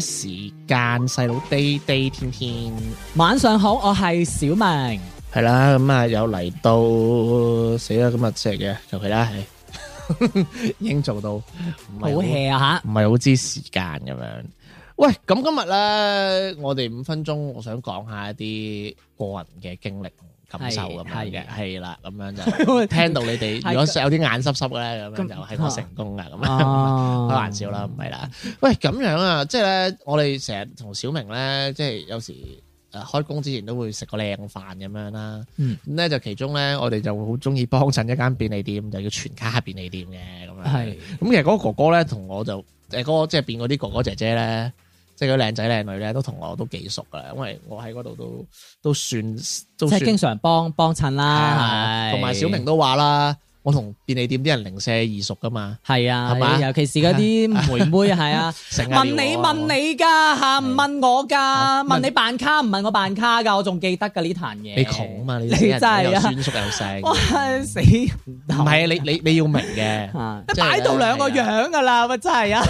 時間細佬，day day 天天。晚上好，我係小明。係啦，咁啊又嚟到死啦！今日即係嘅，求其啦，已經做到唔係好 hea 啊吓，唔係好知時間咁樣。喂，咁今日咧，我哋五分鐘，我想講下一啲個人嘅經歷。感受咁樣，是的樣，嘅，係啦，咁樣就聽到你哋，的如果有啲眼濕濕咧，咁樣那就係我成功嘅。咁開、啊、 玩笑啦，唔係啦。喂，咁樣啊，即係咧，我哋成日同小明咧，即係有時誒開工之前都會食個靚飯咁樣啦。嗯，咁咧就其中咧，我哋就會好中意幫襯一間便利店，就叫全家便利店嘅咁樣。係的，咁其實嗰個哥哥咧，同我就誒嗰個即係變嗰啲哥哥姐姐咧。啲即係嗰啲靚仔靚女咧都同我都幾熟噶，因為我喺嗰度都都算，即係經常幫幫襯啦，同埋小明都話啦，我同便利店啲人零舍二熟噶嘛。係啊，係嘛，尤其是嗰啲妹妹係啊，問你問你噶嚇，唔問我噶，問你辦卡唔問我辦卡噶，我仲記得噶呢壇嘢，你窮啊嘛。你真係啊，又熟又識，哇死，唔係你你你要明嘅，擺到兩個樣噶啦，咪真係啊！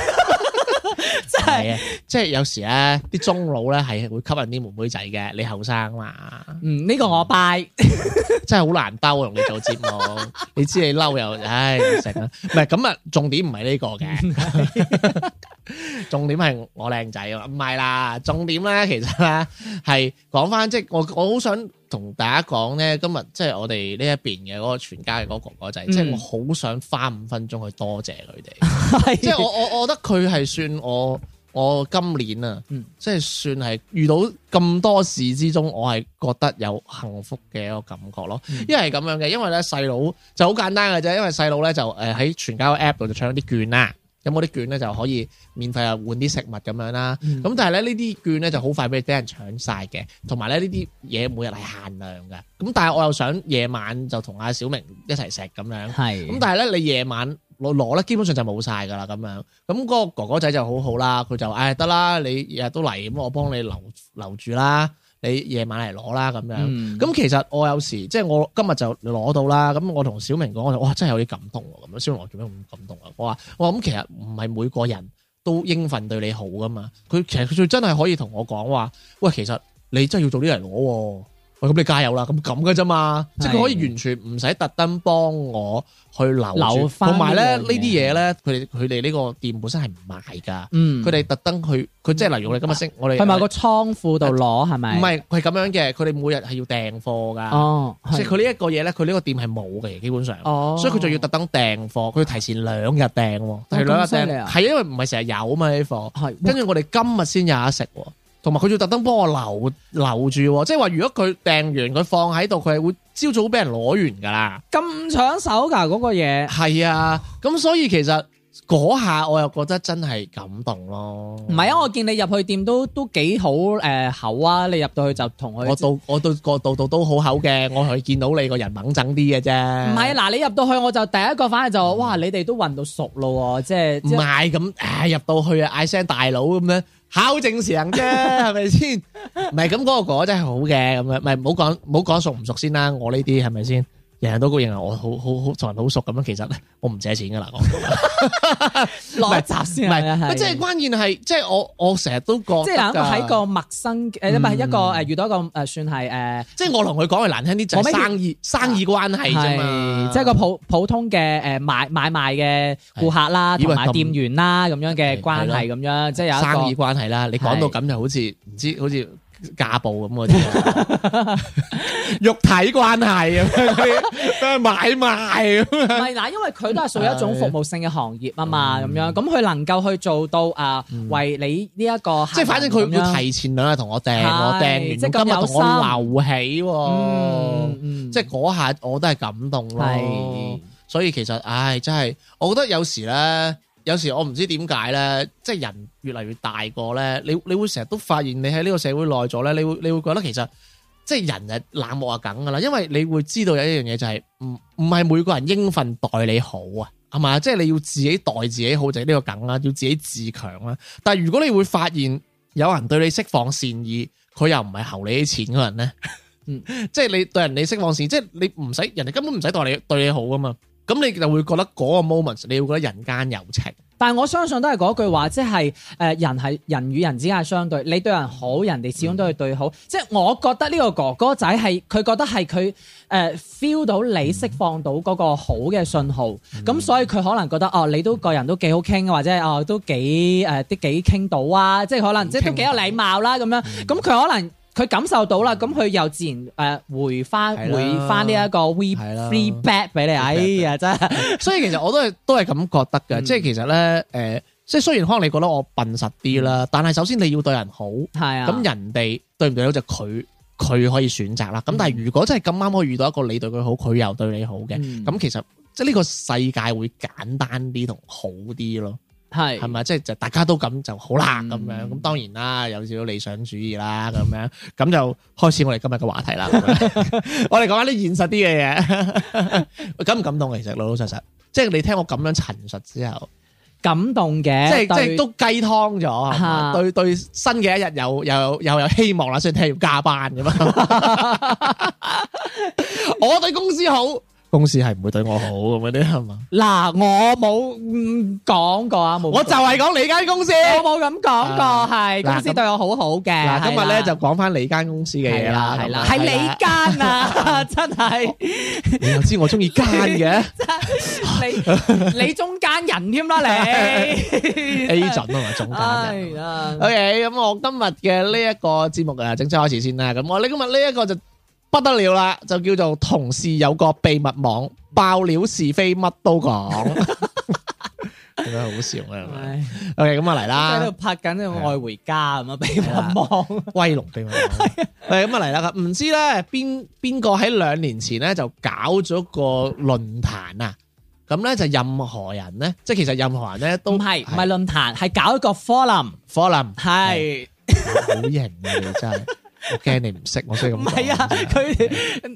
即係，即係有時咧，啊，啲中老咧，係會吸引啲妹妹仔嘅。你後生嘛，嗯，呢、這個我拜， 真係好難兜，啊。用你做節目， 你知你嬲又唉，唔成啦。唔係咁啊，重點唔係呢個嘅。 不是 重點係我靚仔啊，唔係啦，重點咧其實咧係講翻，即係我我好想同大家講咧，今日即係我哋呢一邊嘅嗰個全家嘅嗰個哥哥仔，嗯、即係我好想花五分鐘去多謝佢哋，的即係我我我覺得佢係算我我今年啊，嗯、即係算係遇到咁多事之中，我係覺得有幸福嘅一個感覺咯，因為係咁樣嘅，因為咧細佬就好簡單嘅啫，因為細佬咧就誒喺全家嘅 app 度就搶咗啲券啦。有冇啲券咧就可以免費啊換啲食物咁樣啦，咁、嗯、但係咧呢啲券咧就好快俾俾人搶晒嘅，同埋咧呢啲嘢每日係限量嘅，咁但係我又想夜晚就同阿小明一齊食咁樣，咁是的 但係咧你夜晚攞攞咧基本上就冇晒噶啦咁樣，咁、那、嗰個哥哥仔就好好啦，佢就誒得啦，你日日都嚟咁我幫你留留住啦。你夜晚嚟攞啦，咁樣，咁、嗯、其實我有時即係我今日就攞到啦，咁我同小明講，我話哇真係有啲感動喎，咁樣，小明做咩咁感動啊？我話我諗其實唔係每個人都應份對你好噶嘛，佢其實佢最真係可以同我講話，喂，其實你真係要做啲嚟攞喎。咁你加油啦！咁咁嘅啫嘛，即係佢可以完全唔使特登幫我去留，同埋咧呢啲嘢咧，佢佢哋呢個店本身係唔賣噶。嗯，佢哋特登去，佢即係例如我哋今日先，我哋去埋個倉庫度攞係咪？唔係，佢係咁樣嘅。佢哋每日係要訂貨噶。哦，即係佢呢一個嘢咧，佢呢個店係冇嘅，基本上。哦，所以佢就要特登訂貨，佢要提前兩日訂喎。係兩日訂，係因為唔係成日有啊嘛呢啲貨。係。跟住我哋今日先有得食喎。同埋佢仲要特登幫我留留住，哦，即係話如果佢訂完佢放喺度，佢係會朝早俾人攞完噶啦，咁搶手噶嗰個嘢，係啊，咁，那個啊、所以其實。嗰下我又覺得真係感動咯，唔係啊！我見你入去店都都幾好誒口、呃、啊！你入到去就同佢我到我到個度度都好厚嘅，我係見到你個人猛整啲嘅啫。唔係啊！嗱，你入到去我就第一個反，反而就哇！你哋都混到熟咯，即係唔係咁？唉，入到去啊，嗌聲大佬咁樣，考正常啫，係咪先？唔係咁嗰個哥真係好嘅，咁樣唔係好講好講熟唔熟先啦，我呢啲係咪先？是人人都會認為我好好好同人好熟咁樣，其實我唔借錢噶啦，落閘先，唔係即係關鍵係，即係我我成日都覺，即係一個喺個陌生誒唔係一個誒遇到一個誒算係誒，即係我同佢講係難聽啲就生意生意關係啫嘛，即係個普普通嘅誒買買賣嘅顧客啦同埋店員啦咁樣嘅關係咁樣，即係有一個生意關係啦。你講到咁就好似唔知好似。假布咁啊，肉體關係啊，咩買賣咁啊？唔係嗱，因為佢都係屬於一種服務性嘅行業啊嘛，咁樣咁佢能夠去做到啊，為你呢一個即係反正佢會提前兩日同我訂，我訂完，即係今日同我留起，即係嗰下我都係感動咯。所以其實唉，真係，我覺得有時咧。有時我唔知點解咧，即係人越嚟越大個咧，你你會成日都發現你喺呢個社會耐咗咧，你會你會覺得其實即係人係冷漠啊梗噶啦，因為你會知道有一樣嘢就係唔唔係每個人應份待你好啊，係嘛，即係你要自己待自己好就係呢個梗啦，要自己自強啦。但係如果你會發現有人對你釋放善意，佢又唔係睺你啲錢嘅人咧，嗯， 即係你對人你釋放善意，即係你唔使人哋根本唔使待你對你好啊嘛。咁你就會覺得嗰個 moment，你會覺得人間有情。但係我相信都係嗰句話，即係誒人係人與人之間係相對，你對人好，人哋始終都係對好。即係我覺得呢個哥哥仔係佢覺得係佢誒 feel 到你釋放到嗰個好嘅信號，咁所以佢可能覺得哦，你都個人都幾好傾，或者係哦都幾誒啲幾傾到啊，即係可能即係都幾有禮貌啦咁樣，咁佢可能。佢感受到啦，咁佢又自然誒回翻回翻呢一個 we feedback 的俾你，we back 哎呀真係， 所以其實我都係都係咁覺得嘅，嗯、即係其實呢，誒、呃，即係雖然可能你覺得我笨實啲啦，嗯、但係首先你要對人好，係啊，咁人哋對唔對好就佢佢可以選擇啦。咁、嗯、但係如果真係咁啱可以遇到一個你對佢好，佢又對你好嘅，咁、嗯、其實即係呢個世界會簡單啲同好啲咯。係，係咪即係就大家都咁就好難？咁、嗯、樣咁當然啦，有少少理想主義啦，咁樣咁就開始我哋今日嘅話題啦。 對吧 我哋講下啲現實啲嘅嘢， 感唔感動啊？其實老老實實，即係你聽我咁樣陳述之後，感動嘅，即係對即係都雞湯咗，對的對，對新嘅一日有有有有希望啦，雖然聽要加班咁啊。 我對公司好。公司係唔會對我好咁嗰啲係嘛？嗱，我冇講過啊，冇我就係講你間公司，我冇咁講過，係公司對我好好嘅。嗱，今日咧就講翻你間公司嘅嘢啦，係啦，係你間啊，真係，你又知我中意間嘅，真係你你中間人添啦，你 A 準啊嘛，中間人。O K，咁我今日嘅呢一個節目啊，正式開始先啦。咁我呢今日呢一個就。不得了啦，就叫做同事有個秘密網，爆料是非，乜都講。點解好笑咪 OK，咁啊嚟啦！喺度拍緊呢個《愛回家》咁啊，秘密網威龍秘密網係咁啊嚟 啦！唔知咧，邊邊個喺兩年前咧就搞咗個論壇啊？咁咧就任何人咧，即係其實任何人咧都唔係唔係論壇，係對搞一個 forum forum 係好型嘅真。 我驚你唔識，我先咁。唔係啊，佢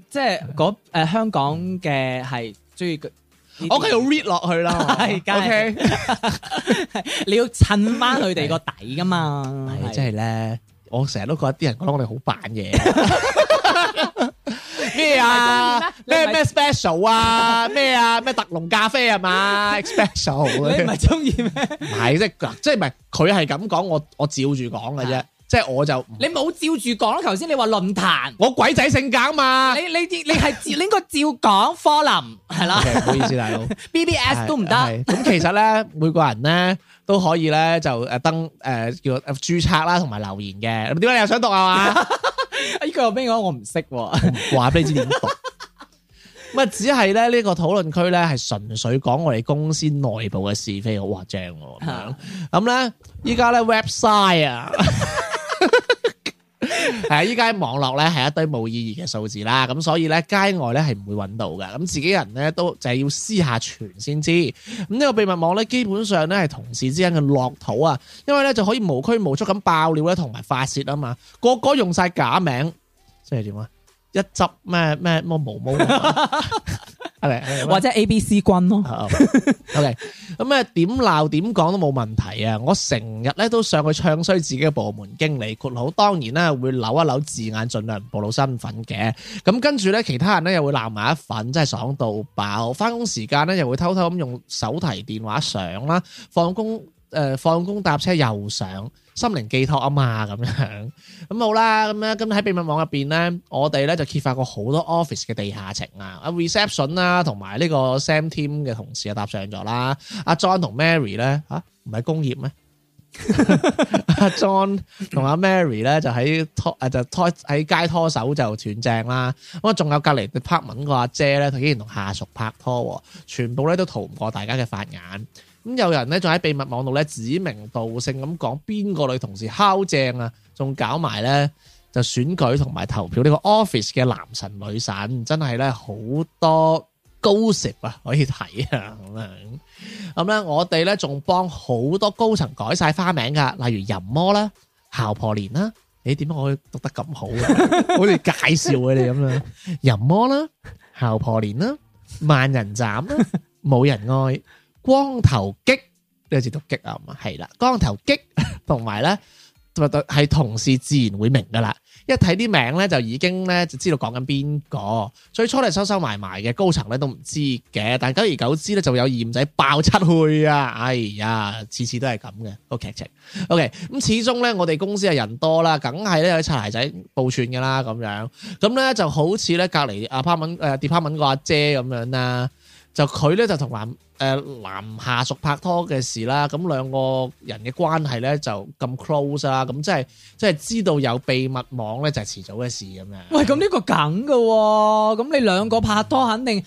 即係嗰誒香港嘅係中意。我喺度 read 落去啦，係，你要襯翻佢哋個底噶嘛。係即係咧，我成日都覺得啲人覺得我哋好扮嘢。咩啊？咩咩 special 啊？咩啊？咩特濃咖啡啊嘛？special，你唔係中意咩？唔係即係，即係唔係佢係咁講，我我照住講嘅啫。即係我就你冇照住講啦，頭先你話論壇，我鬼仔性格嘛，你你你你係應該照講 forum 係啦，唔好意思大佬 b b s 都唔得。咁其實咧，每個人咧都可以咧就誒登誒叫注冊啦，同埋留言嘅。咁點解你又想讀啊？嘛，呢句話邊講我唔識喎，話你知點讀。咪只係咧呢個討論區咧係純粹講我哋公司內部嘅是非，好哇正咁咧，依家咧 website 啊。係啊，依家網絡咧係一堆冇意義嘅數字啦，咁所以咧街外咧係唔會揾到嘅，咁自己人咧都就係要私下傳先知，咁、這、呢個秘密網咧基本上咧係同事之間嘅樂土啊，因為咧就可以無拘無束咁爆料咧同埋發洩啊嘛，個個用晒假名，即係點啊？一執咩咩毛毛， okay, 或者 A B C 君咯、哦、 ，OK。咁咩點鬧點講都冇問題啊！我成日咧都上去唱衰自己嘅部門經理，括號當然咧會扭一扭字眼，儘量唔暴露身份嘅。咁跟住咧，其他人咧又會鬧埋一份，真係爽到爆。返工時間咧又會偷偷咁用手提電話上啦，放工誒放工搭車又上。心靈寄託啊嘛，咁樣咁好啦。咁咧，咁喺秘密網入邊咧，我哋咧就揭發過好多 office 嘅地下情啊，阿 Reception 啦，同埋呢個 Sam Team 嘅同事啊搭上咗啦。阿 John 同 Mary 咧嚇唔係工業咩？阿 John 同阿 Mary 咧就喺拖誒就拖喺街拖手就斷正啦。咁啊，仲有隔離 department 個阿姐咧，佢竟然同下屬拍拖，全部咧都逃唔過大家嘅法眼。咁有人咧，仲喺秘密網度咧，指名道姓咁講邊個女同事敲正啊，仲搞埋咧就選舉同埋投票呢個 office 嘅男神女神，真係咧好多 gossip 啊可以睇啊咁樣。咁咧我哋咧仲幫好多高層改晒花名噶，例如淫魔啦、姣婆蓮啦，你點解可以讀得咁好啊？好似介紹佢哋咁樣，淫魔啦、姣婆蓮啦、萬人斬啦、冇人愛。光頭激呢個字讀激啊，係啦，光頭激同埋咧，同係同事自然會明噶啦。一睇啲名咧，就已經咧就知道講緊邊個。最初係收收埋埋嘅高層咧都唔知嘅，但久而久之咧就有嫌仔爆出去啊！哎呀，次次都係咁嘅個劇情。OK，咁始終咧我哋公司係人多啦，梗係咧有啲擦鞋仔報串噶啦咁樣。咁咧就好似咧隔籬阿潘文誒，department 個阿姐咁樣啦，就佢咧就同林。.誒，男下屬拍拖嘅事啦，咁兩個人嘅關係咧就咁 close 啦，咁即係即係知道有秘密網咧就係遲早嘅事咁樣。喂，咁呢個梗噶，咁你兩個拍拖肯定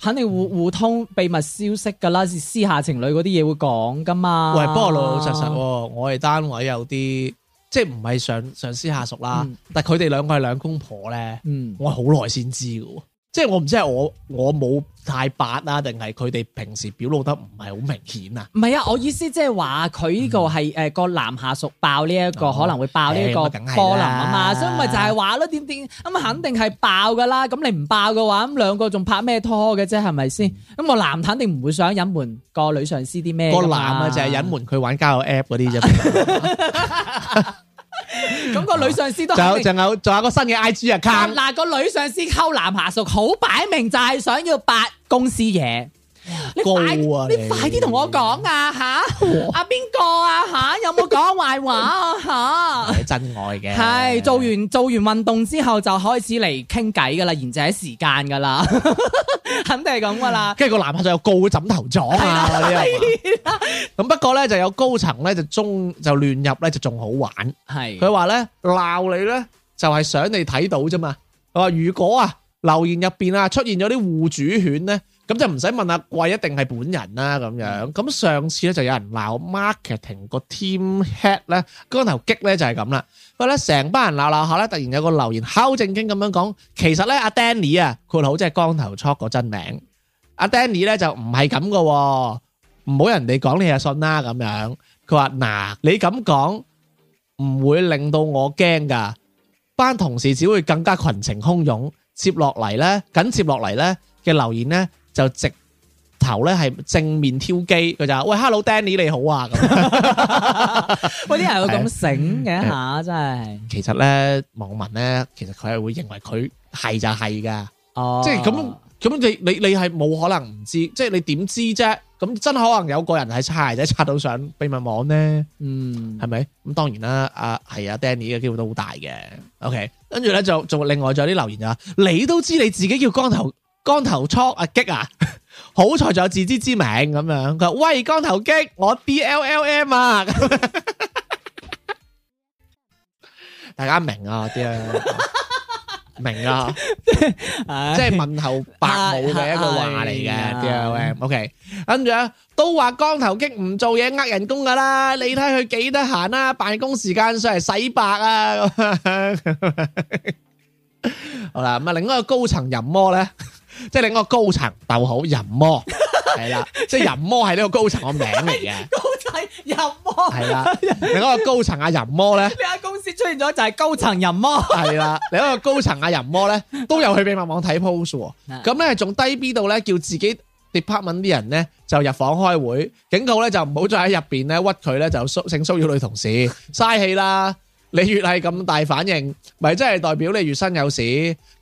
肯定互互通秘密消息噶啦，嗯、私下情侶嗰啲嘢會講噶嘛。喂，不過老老實實，我哋單位有啲即係唔係上上司下屬啦，嗯、但係佢哋兩個係兩公婆咧，嗯、我好耐先知噶。即係我唔知係我我冇太白啊，定係佢哋平時表露得唔係好明顯啊？唔係啊，我意思即係話佢呢個係誒個男下屬爆呢、這、一個可能會爆呢一個波林，哦欸嗯、啊嘛，所以咪就係話咯點點咁，嗯嗯、肯定係爆噶啦。咁你唔爆嘅話，咁兩個仲拍咩拖嘅啫係咪先？咁，嗯、個男肯定唔會想隱瞞個女上司啲咩。嗯、個男啊就係隱瞞佢玩交友 app 嗰啲啫。 咁 個女上司都仲有仲有仲有個新嘅 I G 啊，卡嗱個女上司溝男下屬，好擺明就係想要八公司嘢。你高啊！你快啲同我講啊吓，阿邊個啊吓、啊啊，有冇講壞話啊吓？係、啊、 真愛嘅。係做完做完運動之後就開始嚟傾偈噶啦，然之後賢者時間噶啦， 肯定係咁噶啦。跟住個男拍檔又告枕頭狀！啊！咁 不過咧，就有高層咧就中就亂入咧就仲好玩。係佢話咧鬧你咧就係、是、想你睇到啫嘛。佢話如果啊留言入邊啊出現咗啲護主犬咧。咁就唔使問阿貴一定係本人啦、啊，咁樣。咁上次咧就有人鬧 marketing 個 team head 咧，光頭激咧就係咁啦。佢咧成班人鬧鬧下咧，突然有個留言敲正經咁樣講，其實咧阿 Danny 啊，括號即係光頭 chok 個真名。阿 Danny 咧就唔係咁噶，唔好人哋講你就信啦，咁樣。佢話嗱，你咁講唔會令到我驚噶，班同事只會更加群情洶湧，接落嚟咧，緊接落嚟咧嘅留言咧。就直頭咧係正面挑機，佢就話：喂，Hello，Danny 你好啊！喂，啲人會咁醒嘅吓，真係。 其實咧，網民咧，其實佢係會認為佢係就係噶、哦，即係咁咁你你你係冇可能唔知，即係你點知啫？咁真可能有個人係差仔刷到上秘密網咧，嗯，係咪？咁當然啦，阿係阿 Danny 嘅機會都好大嘅。OK，跟住咧就仲另外仲有啲留言啊，你都知你自己叫光頭。光頭粗啊激啊，好彩仲有自知之明咁樣。佢話喂，光頭激，我 BLLM 啊，大家明啊啲啊，明啊，即係問候伯母嘅一個話嚟嘅 BLLM。OK，跟住咧都話光頭激唔做嘢，呃人工噶啦。你睇佢幾得閒啊，辦公時間上嚟洗白啊。好啦，咁啊，另一個高層淫魔咧。即係另一個高層逗號淫魔係啦， 即係淫魔係呢個高層個名嚟嘅。 高層淫魔係啦，另一個高層阿淫魔咧，呢間公司出現咗就係高層淫魔係啦。另一個高層阿淫魔咧，都有去秘密網睇 post 喎。 咁咧仲低 B 到咧，叫自己 department 啲人咧就入房開會，警告咧就唔好再喺入邊咧屈佢咧就性騷擾女同事，嘥氣啦。 你越係咁大反應，咪真係代表你越身有事？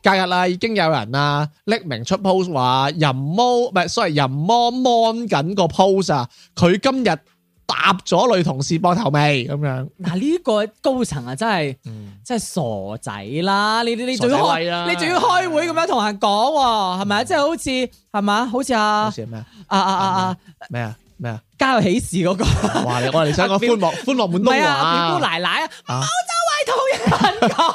今日啊，已經有人啊，匿名出 post 話淫魔，唔係所謂淫魔 mon 緊個 post 啊，佢今日搭咗女同事膊頭未咁樣？嗱，呢個高層啊，真係真係傻仔啦！你你仲要開，你仲要開會咁樣同人講喎，係咪啊？即係好似係咪？好似啊，好似咩啊？啊啊啊！咩啊？咩啊？家有喜事嗰個，哇！我哋想講歡樂歡樂滿東華表姑奶奶啊，我周圍同人講，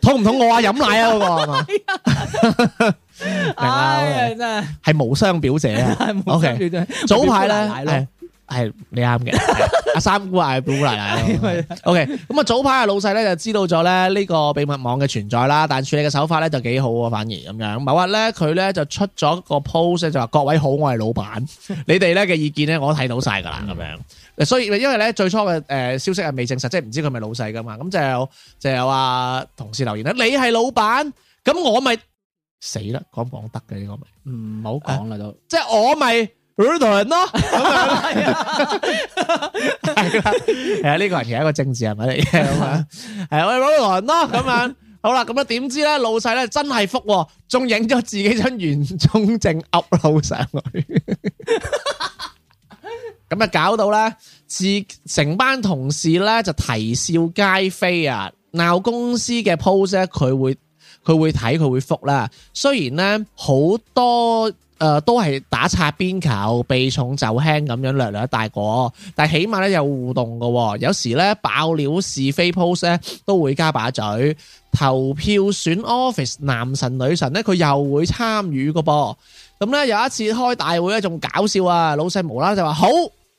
痛唔痛我啊？飲奶啊嗰個係嘛？明啦，真係係無雙表姐啊！O K，早排咧。係你啱嘅，阿三姑嗌 blue 奶奶咯。OK，咁啊，早排阿老細咧就知道咗咧呢個秘密網嘅存在啦，但處理嘅手法咧就幾好啊，反而咁樣。某日咧佢咧就出咗個 post 就話，各位好，我係老闆，你哋咧嘅意見咧我都睇到晒噶啦，咁樣。所以因為咧最初嘅誒消息係未證實，即係唔知佢係咪老細噶嘛。咁就就有同事留言啦，你係老闆，咁我咪死啦，講唔講得嘅呢個咪唔好講啦都，即係我咪。羅倫咯，係啦，係啊，呢個人其實一個政治人物嚟嘅，係啊，係羅倫咯，咁樣，好啦，咁啊，點知咧，老細咧真係覆仲影咗自己張原裝證 upload 上去，咁啊，搞到咧，自成班同事咧就啼笑皆非啊，鬧公司嘅 post，佢會佢會睇，佢會覆啦，雖然咧好多。誒、呃，都係打擦邊球、避重就輕咁樣略略一大果，但係起碼咧有互動嘅，有時咧爆料是非 post 咧都會加把嘴，投票選 office 男神女神咧佢又會參與嘅噃，咁、嗯、咧有一次開大會咧仲搞笑啊，老細無啦啦就話、嗯、好，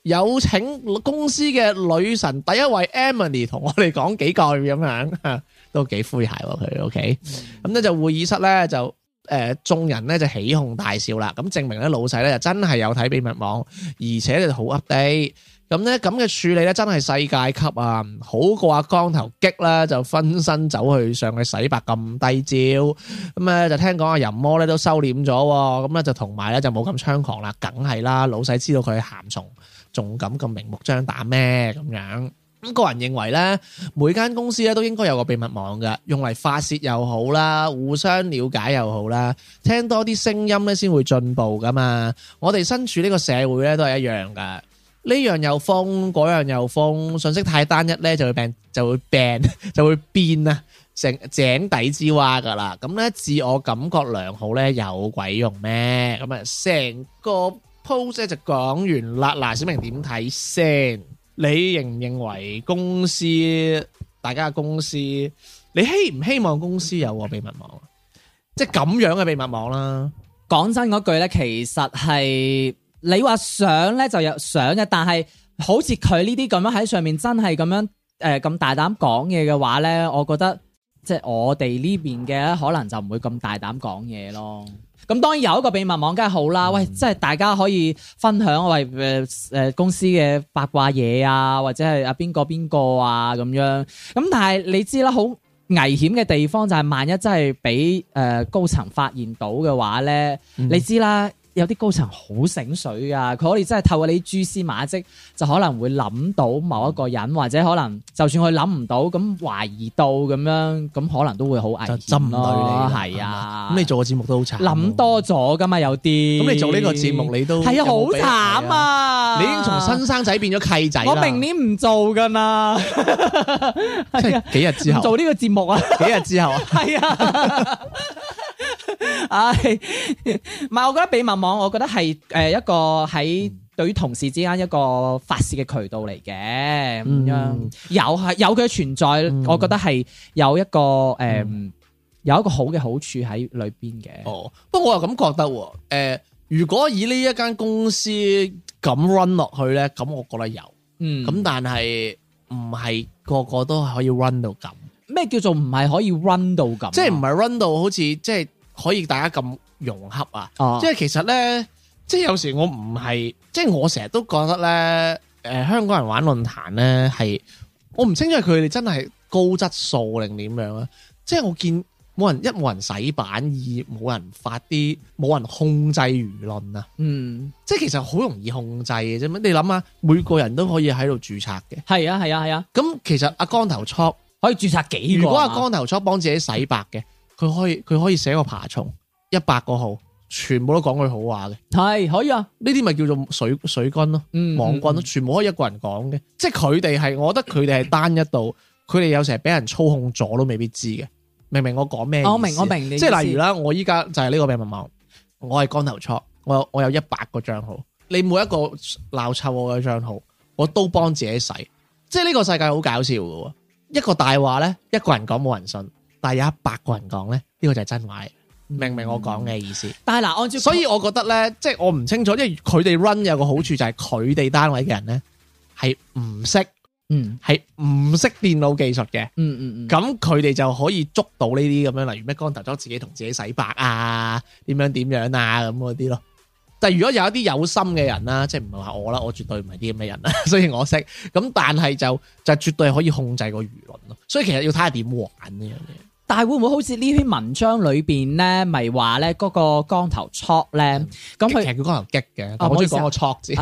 有請公司嘅女神第一位 Emily 同我哋講幾句咁樣， 都幾詼諧佢，OK，咁、嗯、咧、嗯、就會議室咧就。誒、呃、眾人咧就起哄大笑啦，咁證明咧老細咧就真係有睇秘密網，而且咧好 update。咁咧咁嘅處理咧真係世界級啊，好過阿光頭激啦，就分身走去上去洗白咁低招。咁咧就聽講阿淫魔咧都收斂咗、啊，咁咧就同埋咧就冇咁猖狂啦，梗係啦，老細知道佢鹹蟲，仲敢咁明目張膽咩咁樣？咁個人認為呢，每間公司咧都應該有個秘密網㗎，用嚟發洩又好啦，互相了解又好啦，聽多啲聲音呢先會進步㗎嘛。我哋身處呢個社會呢都係一樣㗎。呢樣又封，嗰樣又封，信息太單一呢就會病，就會病，就會變啊，成井底之蛙㗎啦。咁呢，自我感覺良好呢，有鬼用咩？咁啊，成個 post 你認唔認為公司，大家嘅公司，你希唔希望公司有個秘密網啊？即係咁樣嘅秘密網啦。講真嗰句咧，其實係你話想咧就有想嘅，但係好似佢呢啲咁樣喺上面真係咁樣誒咁、呃、大膽講嘢嘅話咧，我覺得即係、就是、我哋呢邊嘅可能就唔會咁大膽講嘢咯。咁當然有一個秘密網梗係好啦，喂，即係大家可以分享，喂、呃，誒誒公司嘅八卦嘢啊，或者係啊邊個邊個啊咁樣。咁但係你知啦，好危險嘅地方就係萬一真係俾誒高層發現到嘅話咧，嗯、哼你知啦。有啲高層好醒水啊！佢可以真係透過你蛛絲馬跡，就可能會諗到某一個人，或者可能就算佢諗唔到，咁懷疑到咁樣，咁可能都會好危險咯。針對你，係啊，咁你做個節目都好慘。諗多咗噶嘛，有啲。咁你做呢個節目，你都係啊，好慘啊！你已經從新生仔變咗契仔。我明年唔做噶啦。幾日之後做呢個節目啊？幾日之後啊？係啊。唉，唔係，我覺得秘密網，我覺得係誒一個喺對於同事之間一個發洩嘅渠道嚟嘅，咁樣有係有佢嘅存在，我覺得係有一個誒有一個好嘅好處喺裏邊嘅。哦，不過我又咁覺得，誒，如果以呢一間公司咁 run 落去咧，咁我覺得有，嗯，咁但係唔係個個都係可以 run 到咁。咩叫做唔係可以 run 到咁？即係唔係 run 到好似即係。可以大家咁融洽啊！哦、即係其實咧，即係有時我唔係，即係我成日都覺得咧，誒、呃，香港人玩論壇咧係，我唔清楚佢哋真係高質素定點樣啊？即係我見冇人一冇人洗版，二冇人發啲冇人控制輿論啊！嗯，即係其實好容易控制嘅啫，你諗下，每個人都可以喺度註冊嘅。係啊，係啊，係啊！咁其實阿光頭卓可以註冊幾個？如果阿光頭卓幫自己洗白嘅？佢可以佢可以寫個爬蟲，一百個號，全部都講句好話嘅，係可以啊。呢啲咪叫做水水軍咯，網軍咯，嗯、全部可以一個人講嘅，嗯、即係佢哋係，我覺得佢哋係單一度，佢哋有時候俾人操控咗都未必知嘅，明唔明我講咩？我明我明，即係例如啦，我依家就係呢個秘密網，我係光頭錯，我有我有一百個賬號，你每一個鬧臭我嘅賬號，我都幫自己洗，即係呢個世界好搞笑嘅，一個大話呢，一個人講冇人信。但有一百個人講咧，呢個就係真話，明唔明我講嘅意思？嗯、但係嗱，按照、那個，所以我覺得咧，即係我唔清楚，因為佢哋 run 有個好處就係佢哋單位嘅人咧係唔識，嗯，係唔識電腦技術嘅、嗯，嗯嗯嗯。咁佢哋就可以捉到呢啲咁樣，例如咩光頭咗自己同自己洗白啊，點樣點樣啊咁嗰啲咯。但係如果有一啲有心嘅人啦，即係唔係話我啦，我絕對唔係啲咁嘅人啦，所以我識。咁但係就就絕對可以控制個輿論咯。所以其實要睇下點玩呢樣嘢。但係會唔會好似呢篇文章裏邊咧，咪話咧嗰個光頭 cho 咧，咁佢其實佢光頭激嘅，唔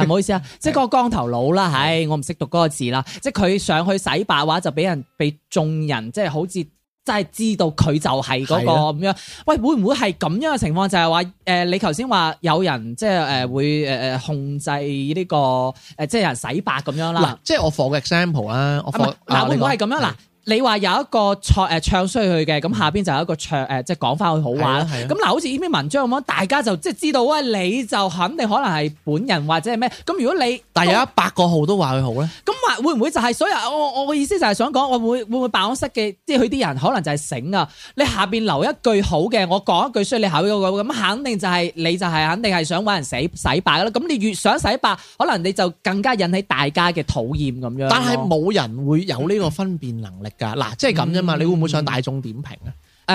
好意思啊，即係嗰個光頭佬啦，係我唔識讀嗰個字啦，即係佢上去洗白話就俾人俾眾人即係好似真係知道佢就係嗰個咁樣。喂，會唔會係咁樣嘅情況就係話誒，你頭先話有人即係誒會誒誒控制呢個誒即係有人洗白咁樣啦？即係我放個 example 啦，我放嗱會唔會係咁樣嗱。你話有一個唱誒唱衰佢嘅，咁下邊就有一個唱誒，即係講翻佢好話。咁嗱，好似呢篇文章咁，大家就即係知道喂，你就肯定可能係本人或者係咩。咁如果你但有一百個號都話佢好咧，咁話會唔會就係、是、所有？我我嘅意思就係想講，我會會唔會辦公室嘅即係佢啲人可能就係醒啊？你下邊留一句好嘅，我講一句衰，你下邊嗰、那個咁，肯定就係、是、你就係肯定係想揾人洗洗白啦。咁你越想洗白，可能你就更加引起大家嘅討厭咁樣。但係冇人會有呢個分辨能力。嗯噶，嗱，即係咁啫嘛，你會唔會上大眾點評啊？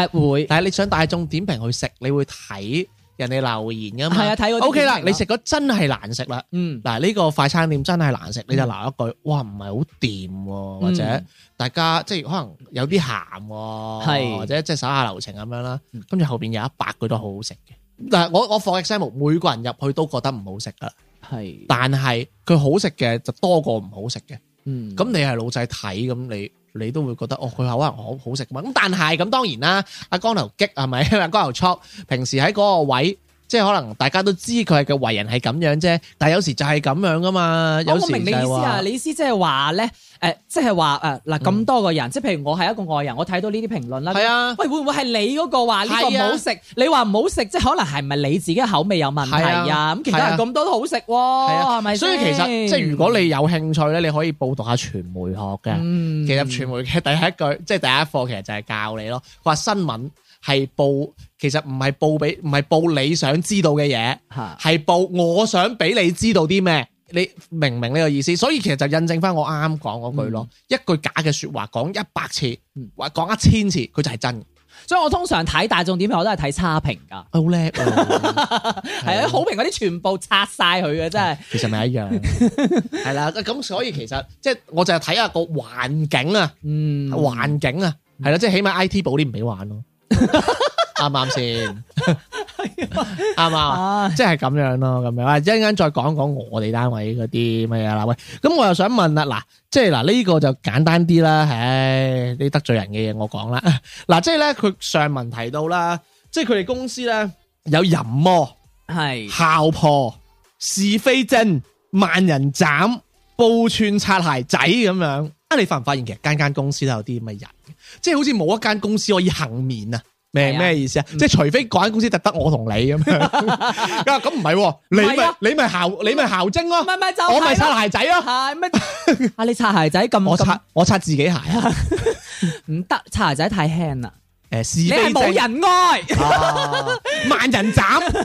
誒，會，但係你上大眾點評去食，你會睇人哋留言噶嘛？係啊，睇個。O K 啦，你食咗真係難食啦。嗯，嗱呢個快餐店真係難食，你就留一句，哇，唔係好掂，或者大家即係可能有啲鹹，係或者即係手下留情咁樣啦。跟住後邊有一百句都好好食嘅。但係，我我放 example，每個人入去都覺得唔好食噶，係，但係佢好食嘅就多過唔好食嘅。嗯，咁你係老細睇咁你。你都會覺得哦，佢口可能好好食嘛。咁但係咁當然啦，阿光頭激係咪？阿光頭 chok 平時喺嗰個位。即係可能大家都知佢係嘅為人係咁樣啫，但係有時就係咁樣噶嘛。有，我明你意思啊，你意思即係話咧，誒、呃，即係話誒，嗱、呃、咁多個人，即係、嗯、譬如我係一個外人，我睇到呢啲評論啦。係啊、嗯，喂，會唔會係你嗰個話呢個唔好食？是啊、你話唔好食，即係可能係唔係你自己口味有問題啊？咁是、啊、其他人咁多都好食喎、啊，係咪是、啊啊？所以其實即係、嗯、如果你有興趣咧，你可以報讀下傳媒學嘅。嗯、其實傳媒嘅第一句，即係第一課，其實就係教你咯。話新聞係報。其實唔係報俾唔係報你想知道嘅嘢，係的報我想俾你知道啲咩？你明唔明呢個意思？所以其實就印證翻我啱啱講嗰句咯，嗯、一句假嘅說話講一百次，或講一千次，佢就係真。所以我通常睇大眾點評，我都係睇差評噶、啊。 好叻啊！係啊，好評嗰啲全部拆晒佢嘅，真係。其實咪一樣，係啦。 咁所以其實即係我就係睇下個環境啊，環、嗯、境啊，係啦。即係起碼 I T 部啲唔俾玩咯。啱啱先？啱啱，即係咁樣咯，咁、啊、樣、啊。說一陣間再講講我哋單位嗰啲乜嘢啦喂。咁我又想問啦，嗱、啊，即係嗱呢個就簡單啲啦。唉，呢得罪人嘅嘢我講啦。嗱、啊，即係咧佢上文提到啦，即係佢哋公司咧有淫魔、係姣是婆、是非精、萬人斬、布串擦鞋仔咁樣。你發唔發現其實間間公司都有啲咁嘅人，即係好似冇一間公司可以幸免啊！咩咩意思啊？即係除非嗰間公司特得我同你咁樣，咁唔係，你你咪校你咪校精咯，我咪擦鞋仔咯，係咩？啊你擦鞋仔咁，我擦我擦自己鞋啊，唔 得，擦鞋仔太輕啦。誒，冇人愛，萬人斬，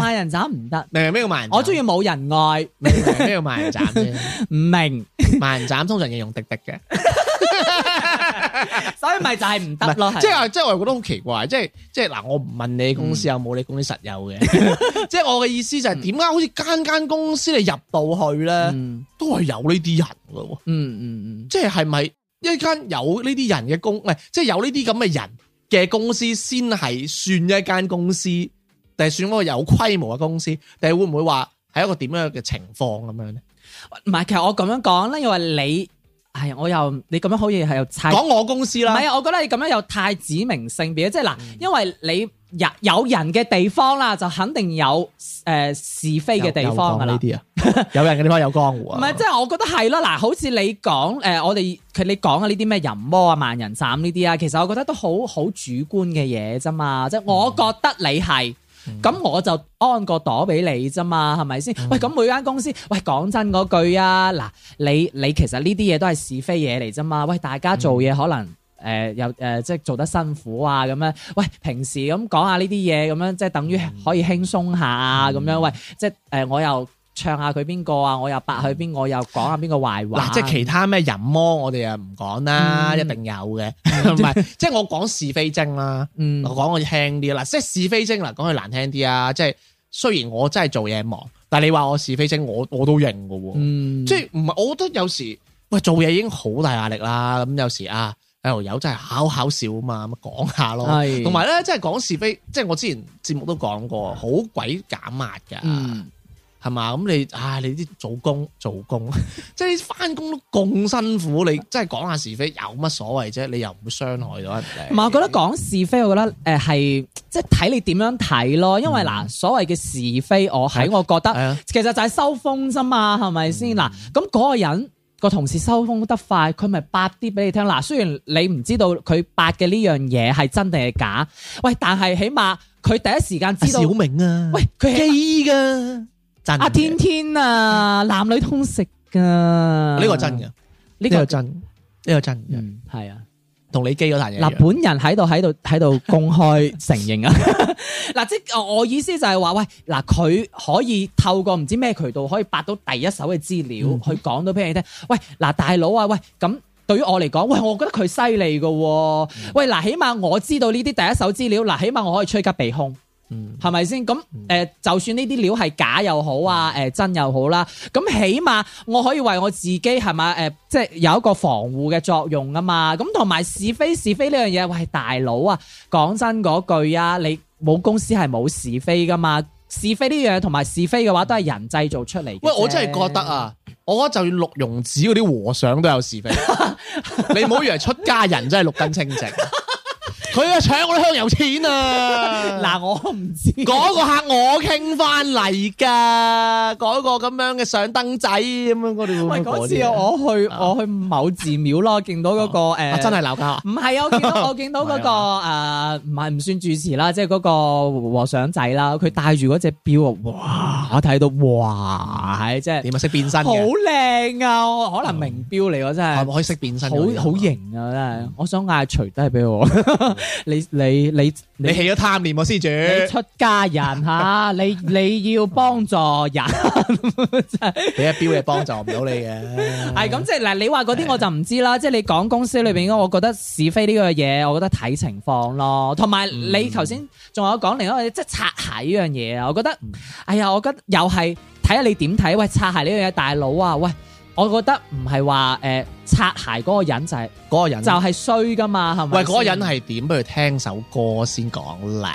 萬人斬唔得。明咩叫萬人？我中意冇人愛。明咩叫萬人斬啫？唔明，萬人斬通常要用滴滴嘅，所以咪就係唔得咯。即係即係，我又覺得好奇怪。即係即係嗱，我唔問你公司有冇，你公司實有嘅。即係我嘅意思就係，點解好似間間公司你入到去咧，都係有呢啲人噶？嗯嗯嗯，即係係咪一間有呢啲人嘅公？唔係，即係有呢啲咁嘅人。嘅公司先係算一間公司，定係算一個有規模嘅公司？定係會唔會話係一個點樣嘅情況咁樣咧？唔係，其實我咁樣講咧，因為你。係，我又你咁樣可以係又猜講我公司啦。唔係啊，我覺得你咁樣又太指名性別，即係嗱，因為你有有人嘅地方啦，就肯定有誒、呃、是非嘅地方噶啦。呢啲啊， 有人嘅地方有江湖啊。唔係，即係我覺得係咯。嗱，好似你講誒、呃，我哋佢你講嘅呢啲咩人魔啊、萬人斬呢啲啊，其實我覺得都好好主觀嘅嘢啫嘛。即係我覺得你係。嗯咁、嗯、我就安個朵俾你啫嘛，係咪先？嗯、喂，咁每間公司，喂，講真嗰句啊，嗱，你你其實呢啲嘢都係是，是非嘢嚟啫嘛。喂，大家做嘢可能誒又誒，即係做得辛苦啊咁樣。喂，平時咁講下呢啲嘢咁樣，即係等於可以輕鬆下啊咁、嗯、樣。喂，即係誒、呃，我又。唱下佢邊個啊？我又白佢邊個，我、嗯、又講下邊個壞話。嗱，即係其他咩人魔我，我哋又唔講啦，一定有嘅。唔係， 即係我講是非精啦。嗯、我講我輕啲啦。即係是，是非精啦，講佢難聽啲啊。即係雖然我真係做嘢忙，但係你話我是非精，我我都認噶。嗯，即係唔係？我覺得有時喂做嘢已經好大壓力啦。咁有時啊，阿、哎、友真係搞搞笑啊嘛，咁講下咯。係是，同埋咧，即係講是非，即係我之前節目都講過，好鬼減壓噶。嗯係嘛？咁你唉，你啲做工做工，做工 即係翻工都咁辛苦，你真係講下是非有乜所謂啫？你又唔會傷害咗人哋。唔係、嗯，我覺得講是非，我覺得誒係即係睇你點樣睇咯。因為嗱，嗯、所謂嘅是非，我喺我覺得，嗯、其實就係收風啫嘛，係咪先嗱？咁嗰、嗯、個人、個同事收風得快，佢咪八啲俾你聽嗱。雖然你唔知道佢八嘅呢樣嘢係真定係假，喂，但係起碼佢第一時間知道。小明啊，啊喂，佢係基噶。啊阿、啊、天天啊，男女通食噶，呢、啊這個真嘅，呢、這個，個真，呢個真，嗯，係啊，同你機嗰單嘢。嗱、啊，本人喺度喺度喺度公開承認啊， 啊！嗱，即我意思就係話，喂，嗱、啊，佢可以透過唔知咩渠道可以發到第一手嘅資料、嗯，去講到俾你聽。喂，嗱、啊，大佬啊，喂，咁對於我嚟講，喂，我覺得佢犀利噶。嗯、喂，嗱、啊，起碼我知道呢啲第一手資料，嗱、啊，起碼我可以趨吉避凶。係咪先？咁誒、嗯，就算呢啲料係假又好啊，誒、嗯呃、真又好啦。咁起碼我可以為我自己係咪，誒、呃，即係有一個防護嘅作用啊嘛。咁同埋是非是非呢樣嘢，喂，大佬啊，講真嗰句啊，你冇公司係冇是非噶嘛？是非呢樣同埋是非嘅話，都係人製造出嚟。喂，我真係覺得啊，我就要六榕寺嗰啲和尚都有是非， 你唔好以為出家人真係六根清淨。佢啊，搶我啲香油錢啊！嗱，我唔知嗰個客，我傾翻嚟㗎。嗰個咁樣嘅上燈仔咁樣，我哋喂嗰次我去我去某寺廟咯，見到嗰個誒，真係鬧交。唔係啊，我見到我見到嗰個誒，唔係唔算住持啦，即係嗰個和尚仔啦，佢帶住嗰隻表，哇！我睇到哇，係即係點啊？識變身，好靚啊！可能名表嚟喎，真係。係咪可以識變身？好好型啊！真係，我想嗌除低係俾我。你你你你起咗貪念啊，施主。你出家人吓， 你你要幫助人，真係。你一標嘢幫助唔到你嘅。係咁，即係嗱，你話嗰啲我就唔知啦。 即係你講公司裏邊，我覺得是非呢個嘢，我覺得睇情況咯。同埋你頭先仲有講另外一個即係擦鞋呢樣嘢啊，我覺得哎呀，我覺得又係睇下你點睇。喂，擦鞋呢樣嘢，大佬啊，喂。我覺得唔係話誒擦鞋嗰個人就係、是、嗰個人，就係衰㗎嘛，係咪？喂，嗰個人係點？不如聽首歌先講咧。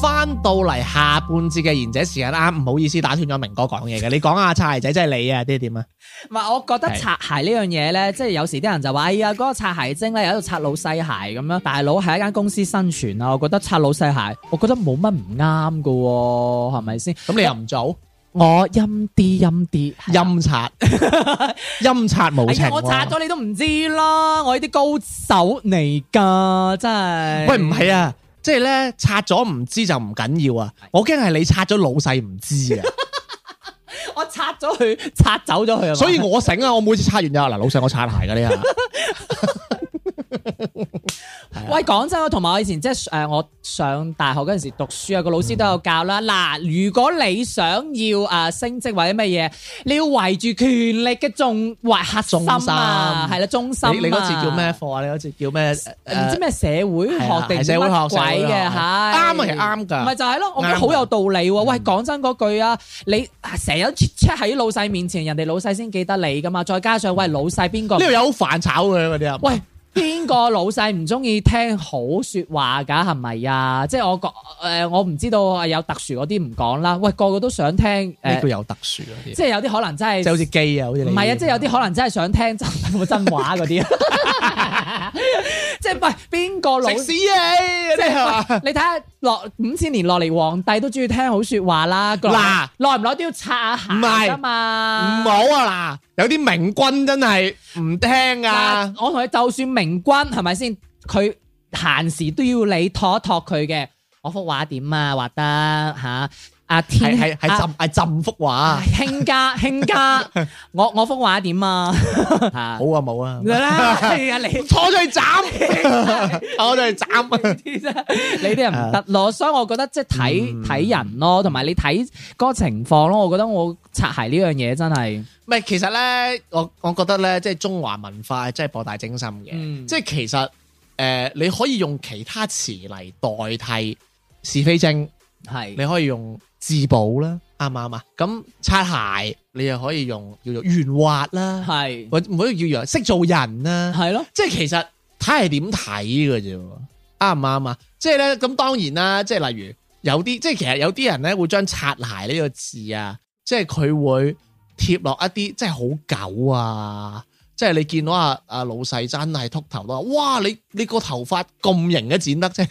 翻到嚟下半節嘅賢者時間啦，啊，唔好意思打斷咗明哥講嘢嘅，你講下擦鞋仔真係的即係你啊，啲點啊？唔係，我覺得擦鞋呢樣嘢咧，即係有時啲人就話，哎呀，嗰個擦鞋精咧喺度擦老細鞋咁啦，大佬喺一間公司生存啦，我覺得擦老細鞋，我覺得冇乜唔啱噶，係咪先？咁你又唔做？嗯、我陰啲陰啲陰擦陰擦冇情，我擦咗你都唔知啦，我呢啲高手嚟噶，真係。 喂，唔係啊。即係咧，拆咗唔知就唔緊要啊！我驚係你拆咗老細唔知啊！ 我拆咗佢，拆走咗佢啊！所以我醒啊！我每次拆完之後，嗱，老細我擦鞋噶呢下。 喂，講真，啊，同埋我以前即係誒，我上大學嗰陣時讀書啊，個老師都有教啦。嗱、嗯，如果你想要誒升職或者乜嘢，你要圍住權力嘅眾或核心啊，係啦，中心、啊、你嗰、啊、次叫咩課啊？你嗰次叫咩？唔、呃、知咩社會學定社會學乜鬼嘅？係啱啊，學學其實啱噶。唔係就係、是、咯，我覺得好有道理。喂的，講真嗰句啊，你成日喺老細面前，人哋老細先記得你噶嘛？再加上喂，老細邊個？呢度有好煩炒嘅嗰啲啊。喂邊個老細唔中意聽好說話噶係咪啊？即係我講誒、呃，我唔知道有特殊嗰啲唔講啦。喂，個個都想聽呢都、呃、有特殊嗰啲，即係有啲可能真係，即係好似機啊，好似唔係啊，即係有啲可能真係想聽真、真話嗰啲。即係唔係邊個老食屎啊！即係喂你睇下落五千年落嚟，皇帝都中意聽好說話啦。嗱嘩，耐唔耐都要擦下鞋噶嘛，唔係啊，唔好啊，嗱，有啲明君真係唔聽啊！我同你就算明君係咪先，佢閒時都要你托一托佢嘅。我幅畫點啊？畫得吓。阿係係係浸係、啊啊、浸幅畫，卿家卿家，家 我我幅畫點啊？好 啊，冇啊，你咧、 哎，你拖出去斬，我 就去斬啲 你啲人唔得咯。所以我覺得即係睇睇人咯，同埋你睇嗰個情況咯。我覺得我擦鞋呢樣嘢真係，唔係其實咧，我我覺得咧，即係中華文化真係博大精深嘅。嗯、即係其實誒、呃，你可以用其他詞嚟代替是非精，係你可以用。自保啦，啱唔啱啊？咁擦鞋，你又可以用叫做圓滑啦，係是，或者唔可以叫樣識做人啦，係咯的。即係其實睇係點睇嘅啫，啱唔啱啊？即係咧，咁當然啦。即係例如有啲，即係其實有啲人咧會將擦鞋呢個字啊，即係佢會貼落一啲，即係好狗啊。即係你見到啊啊老細真係禿頭都話，哇！你你個頭髮咁型嘅剪得啫，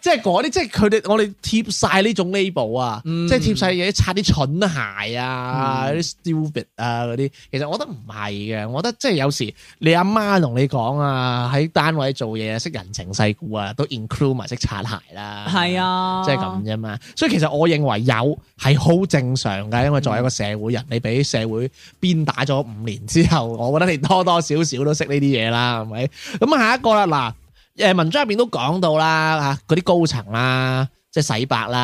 即係嗰啲，即係佢哋我哋貼晒呢種 label 啊，嗯、即係貼晒嘢擦啲蠢鞋啊，啲 stupid 啊嗰啲，其實我覺得唔係嘅，我覺得即係有時你阿媽同你講啊，喺單位做嘢識人情世故啊，都 include 埋識擦鞋啦，係啊，即係咁啫嘛。所以其實我認為有係好正常㗎，因為作為一個社會人，你俾社會鞭打咗五年之後，我覺得你。多多少少都識呢啲嘢啦，係咪？咁、嗯、下一個啦，嗱，誒，文章入邊都講到啦，吓、啊，嗰啲高層啦，即係洗白啦，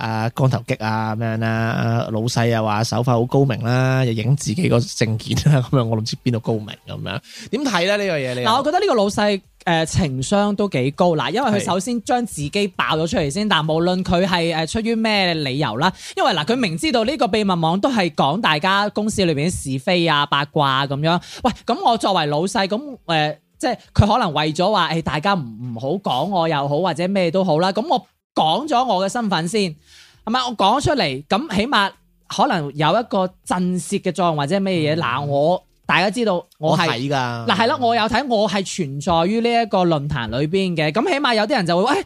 啊，光頭激啊，咩啦，啊、老細又話手法好高明啦，又影自己個證件啦，咁樣、啊、我唔知邊度高明咁樣，點睇咧呢、樣嘢？你嗱，我覺得呢個老細。誒，情商都幾高嗱，因為佢首先將自己爆咗出嚟先，但無論佢係誒出於咩理由啦，因為嗱佢明知道呢個秘密網都係講大家公司裏邊啲是非啊、八卦咁樣，喂，咁我作為老細咁，誒，即係佢可能為咗話，誒，大家唔唔好講我又好，或者咩都好啦，咁我講咗我嘅身份先，係咪？我講咗出嚟，咁起碼可能有一個震懾嘅作用或者咩嘢，嗱我。大家知道我睇噶嗱係啦，我有睇，我係存在於呢一個論壇裏邊嘅。咁起碼有啲人就會喂，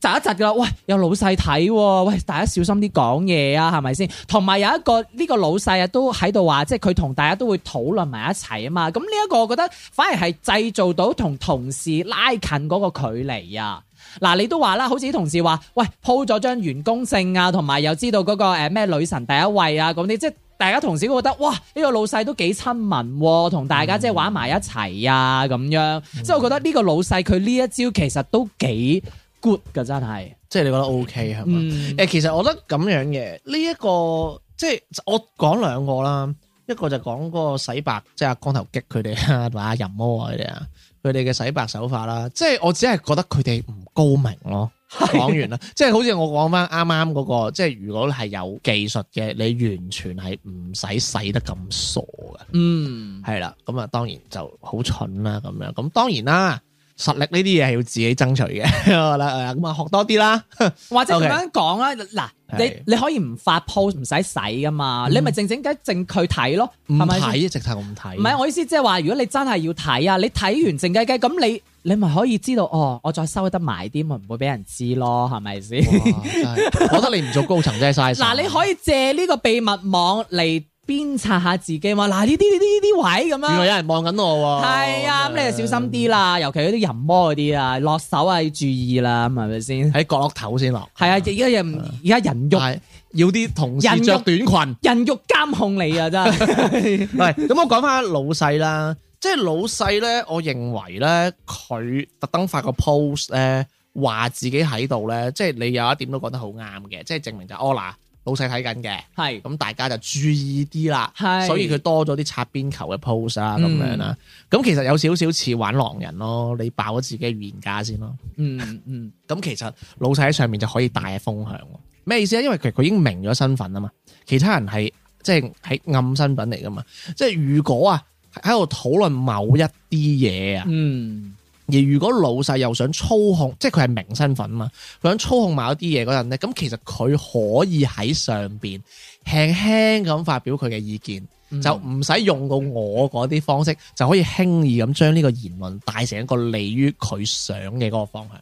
窒一窒噶，喂，有老細睇、啊，喂，大家小心啲講嘢啊，係咪先？同埋有一個呢、這個老細啊，都喺度話，即係佢同大家都會討論埋一齊啊嘛。咁呢一個我覺得反而係製造到同同事拉近嗰個距離啊。嗱、啊，你都話啦，好似啲同事話，喂，鋪咗張員工證啊，同埋又知道嗰、那個誒咩、呃、女神第一位啊，咁你即係。大家同時都覺得哇呢、這個老細都幾親民，同大家即係玩埋一齊啊。咁樣，即係、嗯、我覺得呢個老細佢呢一招其實都幾 good 噶，真係，即係你覺得 OK 係嘛、嗯？誒，其實我覺得咁樣嘅呢一個，即係我講兩個啦，一個就講嗰個洗白，即係光頭激佢哋啊，話阿任魔啊，佢哋啊，佢哋嘅洗白手法啦，即係我只係覺得佢哋唔高明咯。講是完啦， 即係好似我講翻啱啱嗰個，即係如果你係有技術嘅，你完全係唔使使得咁傻嘅。嗯，係啦，咁啊，當然就好蠢啦咁樣。咁當然啦。實力呢啲嘢係要自己爭取嘅啦，咁啊學多啲啦，或者咁樣講啦，嗱，你你可以唔發 post 唔使洗噶嘛，嗯，你咪靜雞雞靜佢睇咯，唔睇直頭我唔睇。唔係我意思，即係話如果你真係要睇啊，你睇完靜雞雞咁你你咪可以知道哦，我再收得埋啲咪唔會俾人知咯，係咪先？ 我覺得你唔做高層真係嘥。嗱，你可以借呢個秘密網嚟。鞭策下自己嘛？嗱，呢啲呢啲呢啲位咁樣啊！原來有人望緊我喎。係啊，咁、啊啊、你就小心啲啦，啊、尤其嗰啲淫魔嗰啲啊，落手啊要注意啦，係咪先？喺角落頭先落。係啊，而家、啊、人而家人肉係要啲同事着短裙，人肉監控你啊，真係。唔係，咁我講翻老細啦，即、就、係、是、老細咧，我認為咧，佢特登發個 post 咧，話自己喺度咧，即、就、係、是、你有一點都講得好啱嘅，即、就、係、是、證明就阿娜。老細睇緊嘅，係咁是大家就注意啲啦，係是，所以佢多咗啲擦邊球嘅 pose 啊，咁樣啦，咁其實有少少似玩狼人咯，你爆咗自己嘅預言家先咯，嗯嗯，咁、嗯、 其實老細喺上面就可以帶風向，咩意思咧？因為其實佢已經明咗身份啊嘛，其他人係即係係暗身份嚟噶嘛，即係如果啊喺度討論某一啲嘢啊，嗯。而如果老細又想操控，即係佢係明身份嘛，佢想操控某一啲嘢嗰陣咧，咁其實，佢可以喺上邊輕輕咁發表佢嘅意見，嗯、就唔使用，用到我嗰啲方式，嗯、就可以輕易咁將呢個言論帶成一個利於佢想嘅嗰個方向。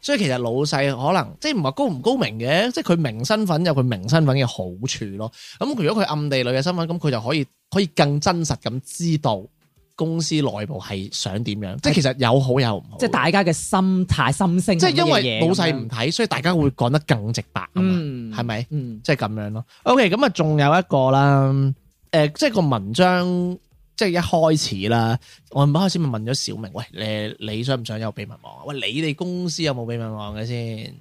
所以其實老細可能即係唔話高唔高明嘅，即係佢明身份有佢明身份嘅好處咯。咁如果佢暗地裏嘅身份，咁佢就可以可以更真實咁知道。公司內部係想點樣？即係其實有好有唔好，即係大家嘅心態心聲，即係因為老細唔睇，嗯、所以大家會講得更直白，啊嘛、嗯，係咪、嗯？即係咁樣咯。OK，咁啊，仲有一個啦，誒、呃，即係個文章。即係一開始啦，我唔係開始咪問咗小明，喂，你你想唔想有秘密網啊？喂，你哋公司有冇秘密網嘅先？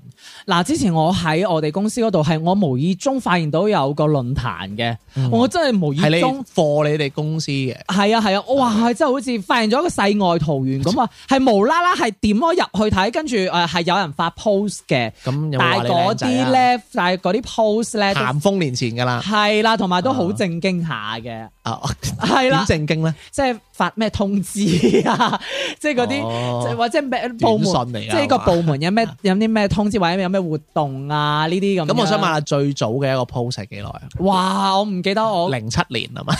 嗱，之前我喺我哋公司嗰度，係我無意中發現到有個論壇嘅，嗯、我真係無意中貨你哋公司嘅。係啊係啊，哇、啊、真係好似發現咗個世外桃源咁啊，係、嗯、無啦啦係點開入去睇，跟住誒係有人發 post 嘅，咁、嗯嗯嗯、但係嗰啲咧，但係嗰啲 post 咧，咸豐年前㗎啦，係啦，同埋都好正經下嘅。嗯嗯啊，係啦，好正經咧，即係發咩通知啊，即係嗰啲，哦、或者咩部門信嚟啊，即係個部門有咩有啲咩通知或者有咩活動啊，呢啲咁。咁我想問下最早嘅一個 post 係幾耐啊？哇，我唔記得我零七、呃、年啊嘛，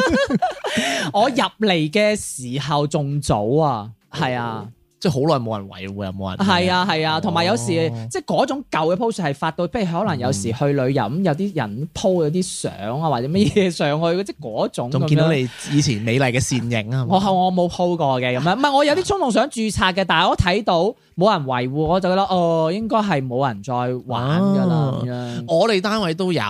我入嚟嘅時候仲早啊，係、哦、啊。即係好耐冇人維護又冇人，係啊係啊，同埋、啊哦、有時即係嗰種舊嘅 post 係發到，譬如可能有時去旅遊咁，嗯、有啲人 po 咗啲相啊或者乜嘢上去、嗯、即啲嗰種，仲見到你以前美麗嘅倩影啊！ 我我冇 po 過嘅咁樣，唔係 我有啲衝動想註冊嘅，但係我睇到。冇人維護，我就覺得哦，應該係冇人再玩噶啦。我哋單位都有，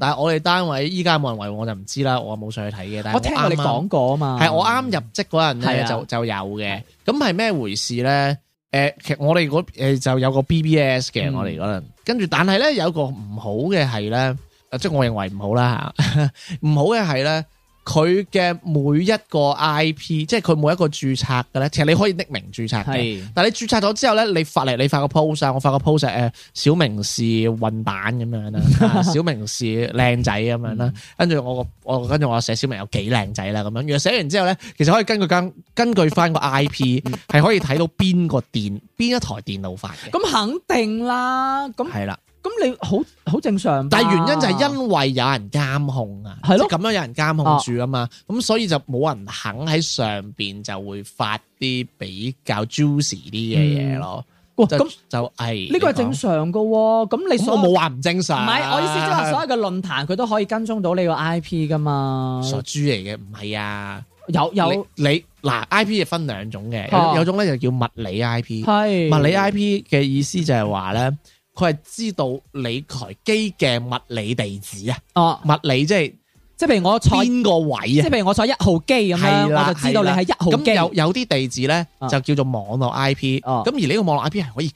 但係我哋單位依家冇人維護，我就唔知啦。我冇上去睇嘅。但係我聽你講過啊嘛，係我啱入職嗰陣咧就就有嘅。咁係咩回事咧？誒，其實我哋嗰誒就有個 BBS 嘅，我哋嗰陣。跟住，但係咧有一個唔好嘅係咧，即係我認為唔好啦吓，唔好嘅係咧。佢嘅每一個 IP，即係佢每一個註冊嘅咧，其實你可以匿名註冊嘅。的但係你註冊咗之後咧，你發嚟，你發個 post，我發個 post，誒、啊，小明是混蛋咁樣啦，小明是靚仔咁樣啦，跟住我個，我跟住我寫小明有幾靚仔啦咁樣。然後寫完之後咧，其實可以根據根根據翻個 IP 係可以睇到邊個電邊一台電腦發嘅。咁 肯定啦，咁係啦。咁你好好正常，但係原因就係因為有人監控啊，係咯，咁樣有人監控住啊嘛，咁所以就冇人肯喺上邊就會發啲比較 juicy 啲嘅嘢咯。咁就係呢個係正常噶，咁你我冇話唔正常。唔係，我意思即係所有嘅論壇佢都可以跟蹤到你個 IP 噶嘛？傻豬嚟嘅，唔係啊？有有你嗱 IP 係分兩種嘅，有種咧就叫物理 IP，係物理 IP 嘅意思就係話咧。佢係知道你台機嘅物理地址啊，哦、物理即係即係譬如我坐邊個位啊，即係譬如我坐一號機咁樣，的我就知道你係一號機。咁有有啲地址咧就叫做網絡 IP，咁而呢個網絡 IP 係可以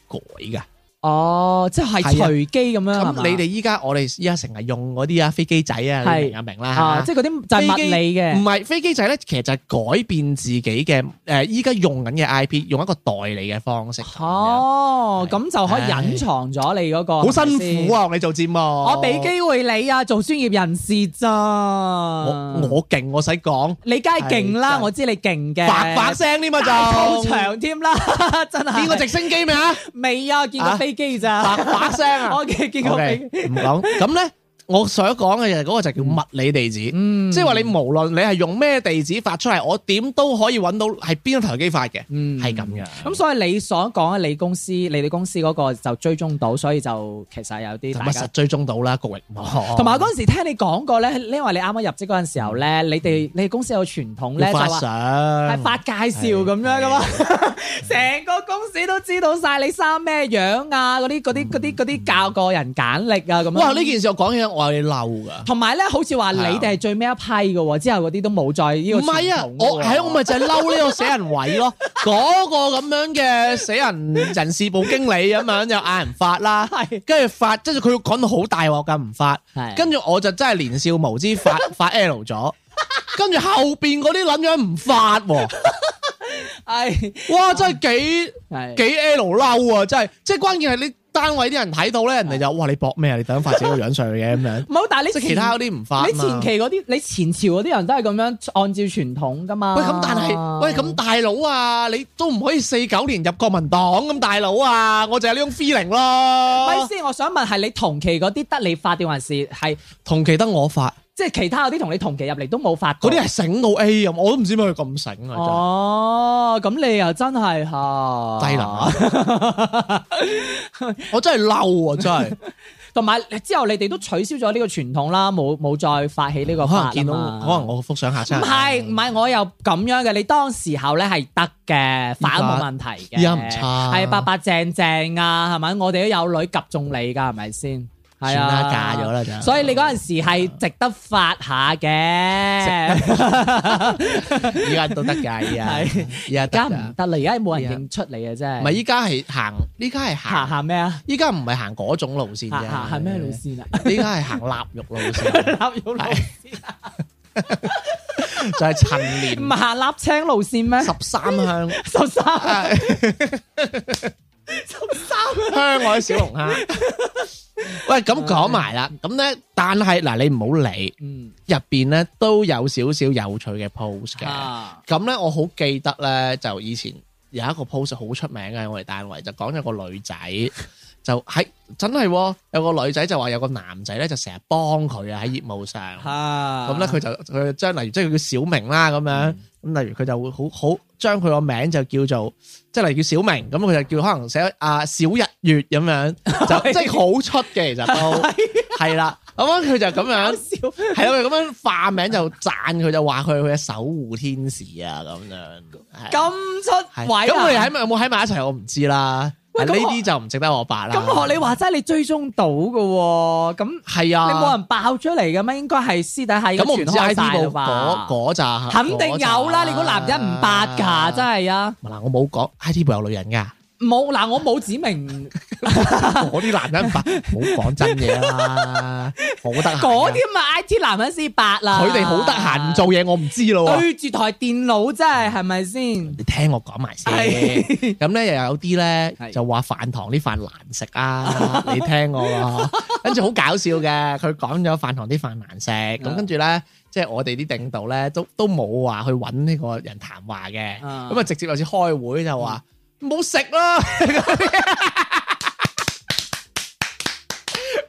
改噶。哦，即係隨機咁樣，咁你哋依家，我哋依家成日用嗰啲啊飛機仔啊，明啊明啦，即係嗰啲就係物理嘅，唔係飛機仔咧，其實就係改變自己嘅誒，依家用緊嘅 IP，用一個代理嘅方式。哦，咁就可以隱藏咗你嗰個，好辛苦啊！你做節目，我俾機會你啊，做專業人士咋？我我勁，我使講，你梗係勁啦，我知你勁嘅，發聲添嘛，就好長添啦，真係。見過直升機未啊？未啊，見過飛機。機咋？把聲啊！O K，結果你唔講咁咧。我想講嘅嘢嗰個就叫物理地址，嗯、即係話你無論你係用咩地址發出嚟，我點都可以揾到係邊一台機發嘅，係咁樣。咁所以你所講嘅你公司、你哋公司嗰個就追蹤到，所以就其實有啲實追蹤到啦，郭榮。同埋嗰陣時聽你講過咧，因為你啱啱入職嗰陣時候咧，你哋你哋公司有傳統咧，發相、嗯，係發，發介紹咁樣嘅嘛，成是是 個公司都知道晒你生咩樣啊，嗰啲啲啲啲教個人簡歷啊咁。哇！呢件事我講嘢。嬲噶，同埋咧，好似話你哋係最尾一批噶，之後嗰啲都冇再要。唔係啊，我喺我咪就係嬲呢個死人位咯，嗰 個咁樣嘅死人人事部經理咁樣就嗌人發啦，跟住是發，跟住佢講到好大鑊噶，唔發。跟住是我就真係年少無知，發發 L 咗，跟住 後邊嗰啲諗樣唔發， 唉，哇，真係幾是幾 L 嬲啊！真係，即係關鍵係你。單位啲人睇到咧，人哋就哇你搏咩啊？你等緊發自己個樣上去嘅咁樣。唔好 前，但係你即係其他嗰啲唔發。你前期嗰啲，你前朝嗰啲人都係咁樣按照傳統噶嘛，喂但但。喂，咁但係，喂，咁大佬啊，你都唔可以四九年入國民黨咁，大佬啊，我就係呢種 feeling 咯。喂，先我想問，係你同期嗰啲得你發定還是係同期得我發？即係其他嗰啲同你同期入嚟都冇發嗰啲係醒到 A 咁，我都唔知點解佢咁醒啊！哦，咁、啊、你又真係吓，啊、低能了 我真係嬲啊，真係。同埋之後你哋都取消咗呢個傳統啦，冇冇再發起呢個可能見到，嘛可能我覆相下先。唔係唔係，我又咁樣嘅。你當時候咧係得嘅，反都冇問題嘅，依家唔差，係白白淨淨啊，係咪？我哋都有女及中你噶，係咪先？係啊，嫁咗啦就。所以你嗰陣時係值得發下嘅。依家 都得噶，依家而家唔得啦，而家冇人認出你啊，真係。唔係，依家係行，依家係行行咩啊？依家唔係行嗰種路線啫。行咩路線啊？依家係行臘肉路線。臘 肉路線、啊。就係陳年。唔係行臘青路線咩？向十三香、啊。十三。香海小龍蝦， 喂，咁講埋啦，咁咧，但係嗱，你唔好理，嗯，入邊咧都有少少有趣嘅 pose 嘅、啊，咁咧我好記得咧，就以前有一個 pose 好出名嘅我哋單位，就講咗個女仔。 就喺真係有個女仔就話，有個男仔咧就成日幫佢啊喺業務上，咁咧佢就佢將例如即係佢叫小明啦咁樣，咁例如佢就會好好將佢個名就叫做即係例如叫小明，咁佢就叫可能寫啊小日月咁樣，就即係好出嘅，其實都係啦，咁樣佢就咁樣係啦，咁樣化名就讚佢，就話佢佢嘅守護天使啊咁樣，咁出位，咁佢喺咪有冇喺埋一齊我唔知啦。呢啲就唔值得我八啦。咁我，學你話齋，你追蹤到噶？咁係啊，你冇人爆出嚟嘅咩？應該係私底下已經，咁我唔知喺 TikTok 嗰嗰扎，吧肯定有啦。啊、你估男人唔八噶，真係啊。嗱、啊，我冇講 TikTok 有女人噶。冇嗱，我冇指明嗰啲 男人白，冇講真嘢啦、啊，好得。嗰啲咁嘅 I T 男人先白啦，佢哋好得閒唔做嘢，我唔知咯。對住台電腦真係係咪先？是是你聽我講埋先。咁咧又有啲咧就話飯堂啲飯難食啊，你聽我。跟住好搞笑嘅，佢講咗飯堂啲飯難食，咁跟住咧即係我哋啲頂度咧都都冇話去揾呢個人談話嘅，咁啊直接好似開會就話。嗯冇食咯，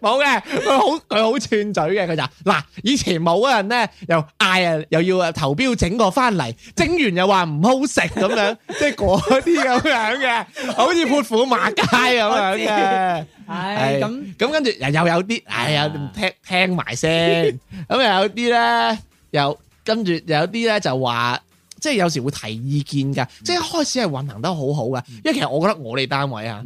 冇嘅，佢好佢好串嘴嘅，佢就嗱以前冇人咧，又嗌啊又要啊投票整個翻嚟，整完又話唔好食咁樣，即係嗰啲咁樣嘅，好似潑婦罵街咁樣嘅。係咁咁跟住又又有啲，哎呀，聽聽埋先，咁又有啲咧，又跟住有啲咧就話。即係有時會提意見嘅，嗯、即係一開始係運行得好好嘅，嗯、因為其實我覺得我哋單位啊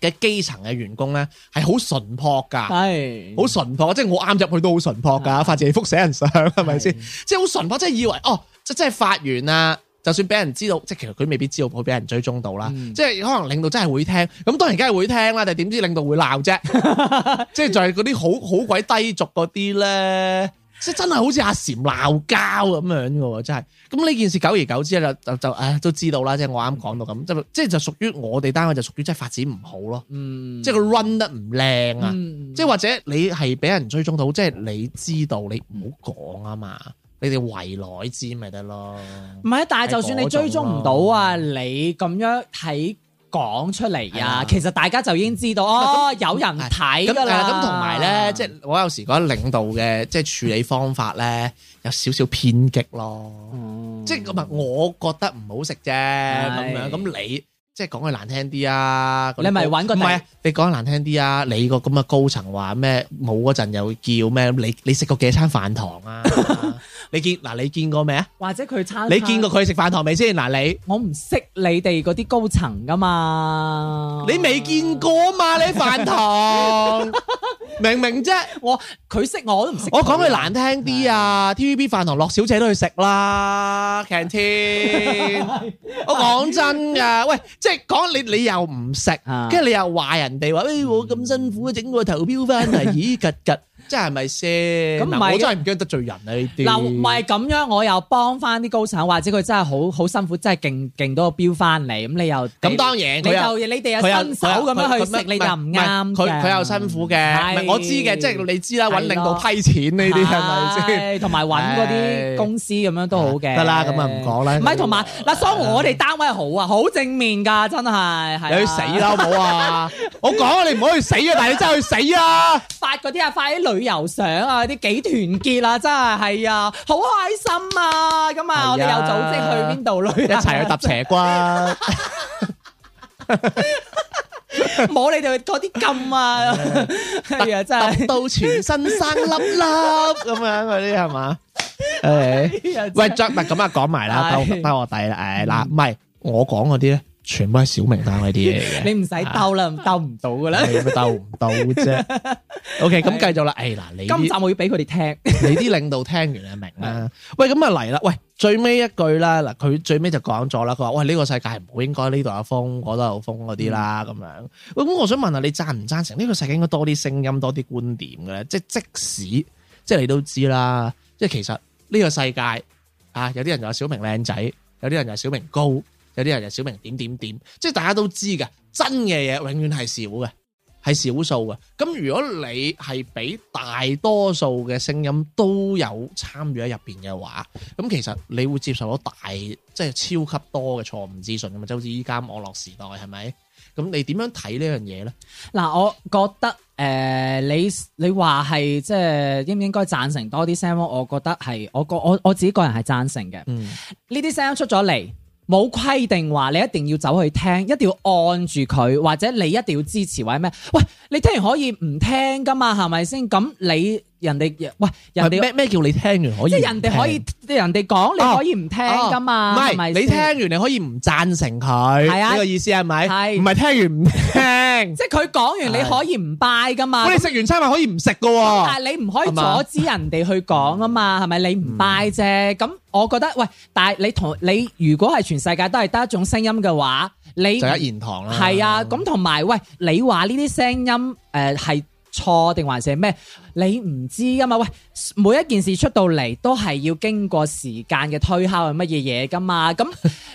嘅基層嘅員工咧係好純樸噶，係好、嗯、純樸，即係我啱入去都好純樸噶，發自己幅寫人相係咪先？即係好純樸，即係以為哦，即係發完啊，就算俾人知道，即係其實佢未必知道會俾人追蹤到啦。嗯、即係可能領導真係會聽，咁當然梗係會聽啦，但係點知領導會鬧啫？ 即係就係嗰啲好好鬼低俗嗰啲咧。即 真係好似阿禪鬧交咁樣嘅，真係。咁呢件事久而久之咧，就就誒都知道啦。即係我啱講到咁，即即就屬於我哋單位就屬於即係發展唔好咯。嗯，即係佢 run 得唔靚啊。嗯、即係或者你係俾人追蹤到，即係你知道你唔好講啊嘛。你哋圍內知咪得咯。唔係，但係就算你追蹤唔到啊，你咁樣睇。講出嚟啊！其實大家就已經知道、嗯、哦，嗯、有人睇㗎啦。咁係咁同埋咧，嗯、呢即係我有時覺得領導嘅即係處理方法咧有少少偏激咯。嗯、即係咁啊，我覺得唔好食啫。咁是樣咁你即係講句難聽啲啊？你咪揾個唔係啊？你講句難聽啲啊？你個咁嘅高層話咩冇嗰陣又叫咩？你你食過幾餐飯堂啊？ 你見嗱，你見過未啊？或者佢餐，你見過佢食飯堂未先？嗱，你我唔識你哋嗰啲高層噶嘛？你未見過嘛？你飯堂 明明啫，我佢識我都唔識。我講句難聽啲啊，TVB 飯堂落小姐都去食啦，canteen。 我講真噶， 喂，即係講你，你又唔食，跟住 你又話人哋話， 哎，我咁辛苦整個投票翻嚟，咦，吉吉！」即係咪先？咁唔，我真係唔驚得罪人啊呢啲。嗱，唔係咁樣，我又幫翻啲高層，或者佢真係好好辛苦，真係勁勁多個標翻嚟。咁你又咁當然，你就你哋有分手咁樣去食，你就唔啱。佢佢又辛苦嘅，唔係我知嘅，即係你知啦，搵領導批錢呢啲係咪先？同埋搵嗰啲公司咁樣都好嘅。得啦，咁啊唔講啦。唔係同埋嗱，所以我哋單位好啊，好正面噶，真係。你去死啦好唔好啊？我講你唔可以死啊，但係你真係去死啊！發嗰啲啊，發啲雷。旅遊相啊，啲幾團結啊，真係係啊，好開心啊，咁啊，我哋有組織去邊度旅，一齊去揼斜瓜，摸你哋嗰啲金啊，係啊，真係揼到全身生粒粒咁樣嗰啲係嘛，誒，喂，再唔係咁啊，講埋啦，都得我哋啦，誒，嗱，唔係我講嗰啲咧。全部係小明單嗰啲嘢嘅，你唔使鬥啦，鬥唔到噶啦，鬥唔到啫。O K，咁繼續啦。誒嗱，你今集我要俾佢哋聽，你啲領導聽完就明啦。喂，咁就嚟啦。喂，最尾一句啦，嗱，佢最尾就講咗啦。佢話喂，呢個世界係唔好應該呢度有風，嗰度有風嗰啲啦，咁樣。喂，咁我想問下，你贊唔贊成呢個世界應該多啲聲音，多啲觀點嘅咧？即係即使，即係你都知啦，即係其實呢個世界啊，有啲人就話小明靚仔，有啲人就係小明高。有啲人就小明點點點，即係大家都知㗎，真嘅嘢永遠係少嘅，係少數嘅。咁如果你係俾大多數嘅聲音都有參與喺入邊嘅話，咁其實你會接受到大即係超級多嘅錯誤資訊㗎嘛？就好似依家網絡時代係咪？咁你點樣睇呢樣嘢咧？嗱，我覺得誒、呃，你你話係即係應唔應該贊成多啲聲音，我覺得係我個我我自己個人係贊成嘅。嗯，呢啲聲音出咗嚟。冇規定話你一定要走去聽，一定要按住佢，或者你一定要支持，或者咩？喂，你聽完可以唔聽㗎嘛？係咪先？咁你。人哋喂，人哋咩咩叫你聽完可以？即係人哋可以，人哋講你可以唔聽噶嘛？唔係你聽完你可以唔贊成佢？係啊，呢個意思係咪？係唔係聽完唔聽？即係佢講完你可以唔拜噶嘛？喂，你食完餐飯可以唔食噶？但係你唔可以阻止人哋去講啊嘛？係咪你唔拜啫？咁我覺得喂，但係你同你如果係全世界都係得一種聲音嘅話，就一言堂啦。係啊，咁同埋喂，你話呢啲聲音誒係。錯定還是係咩？你唔知噶嘛？喂，每一件事出到嚟都係要經過時間嘅推敲，係乜嘢嘢噶嘛？咁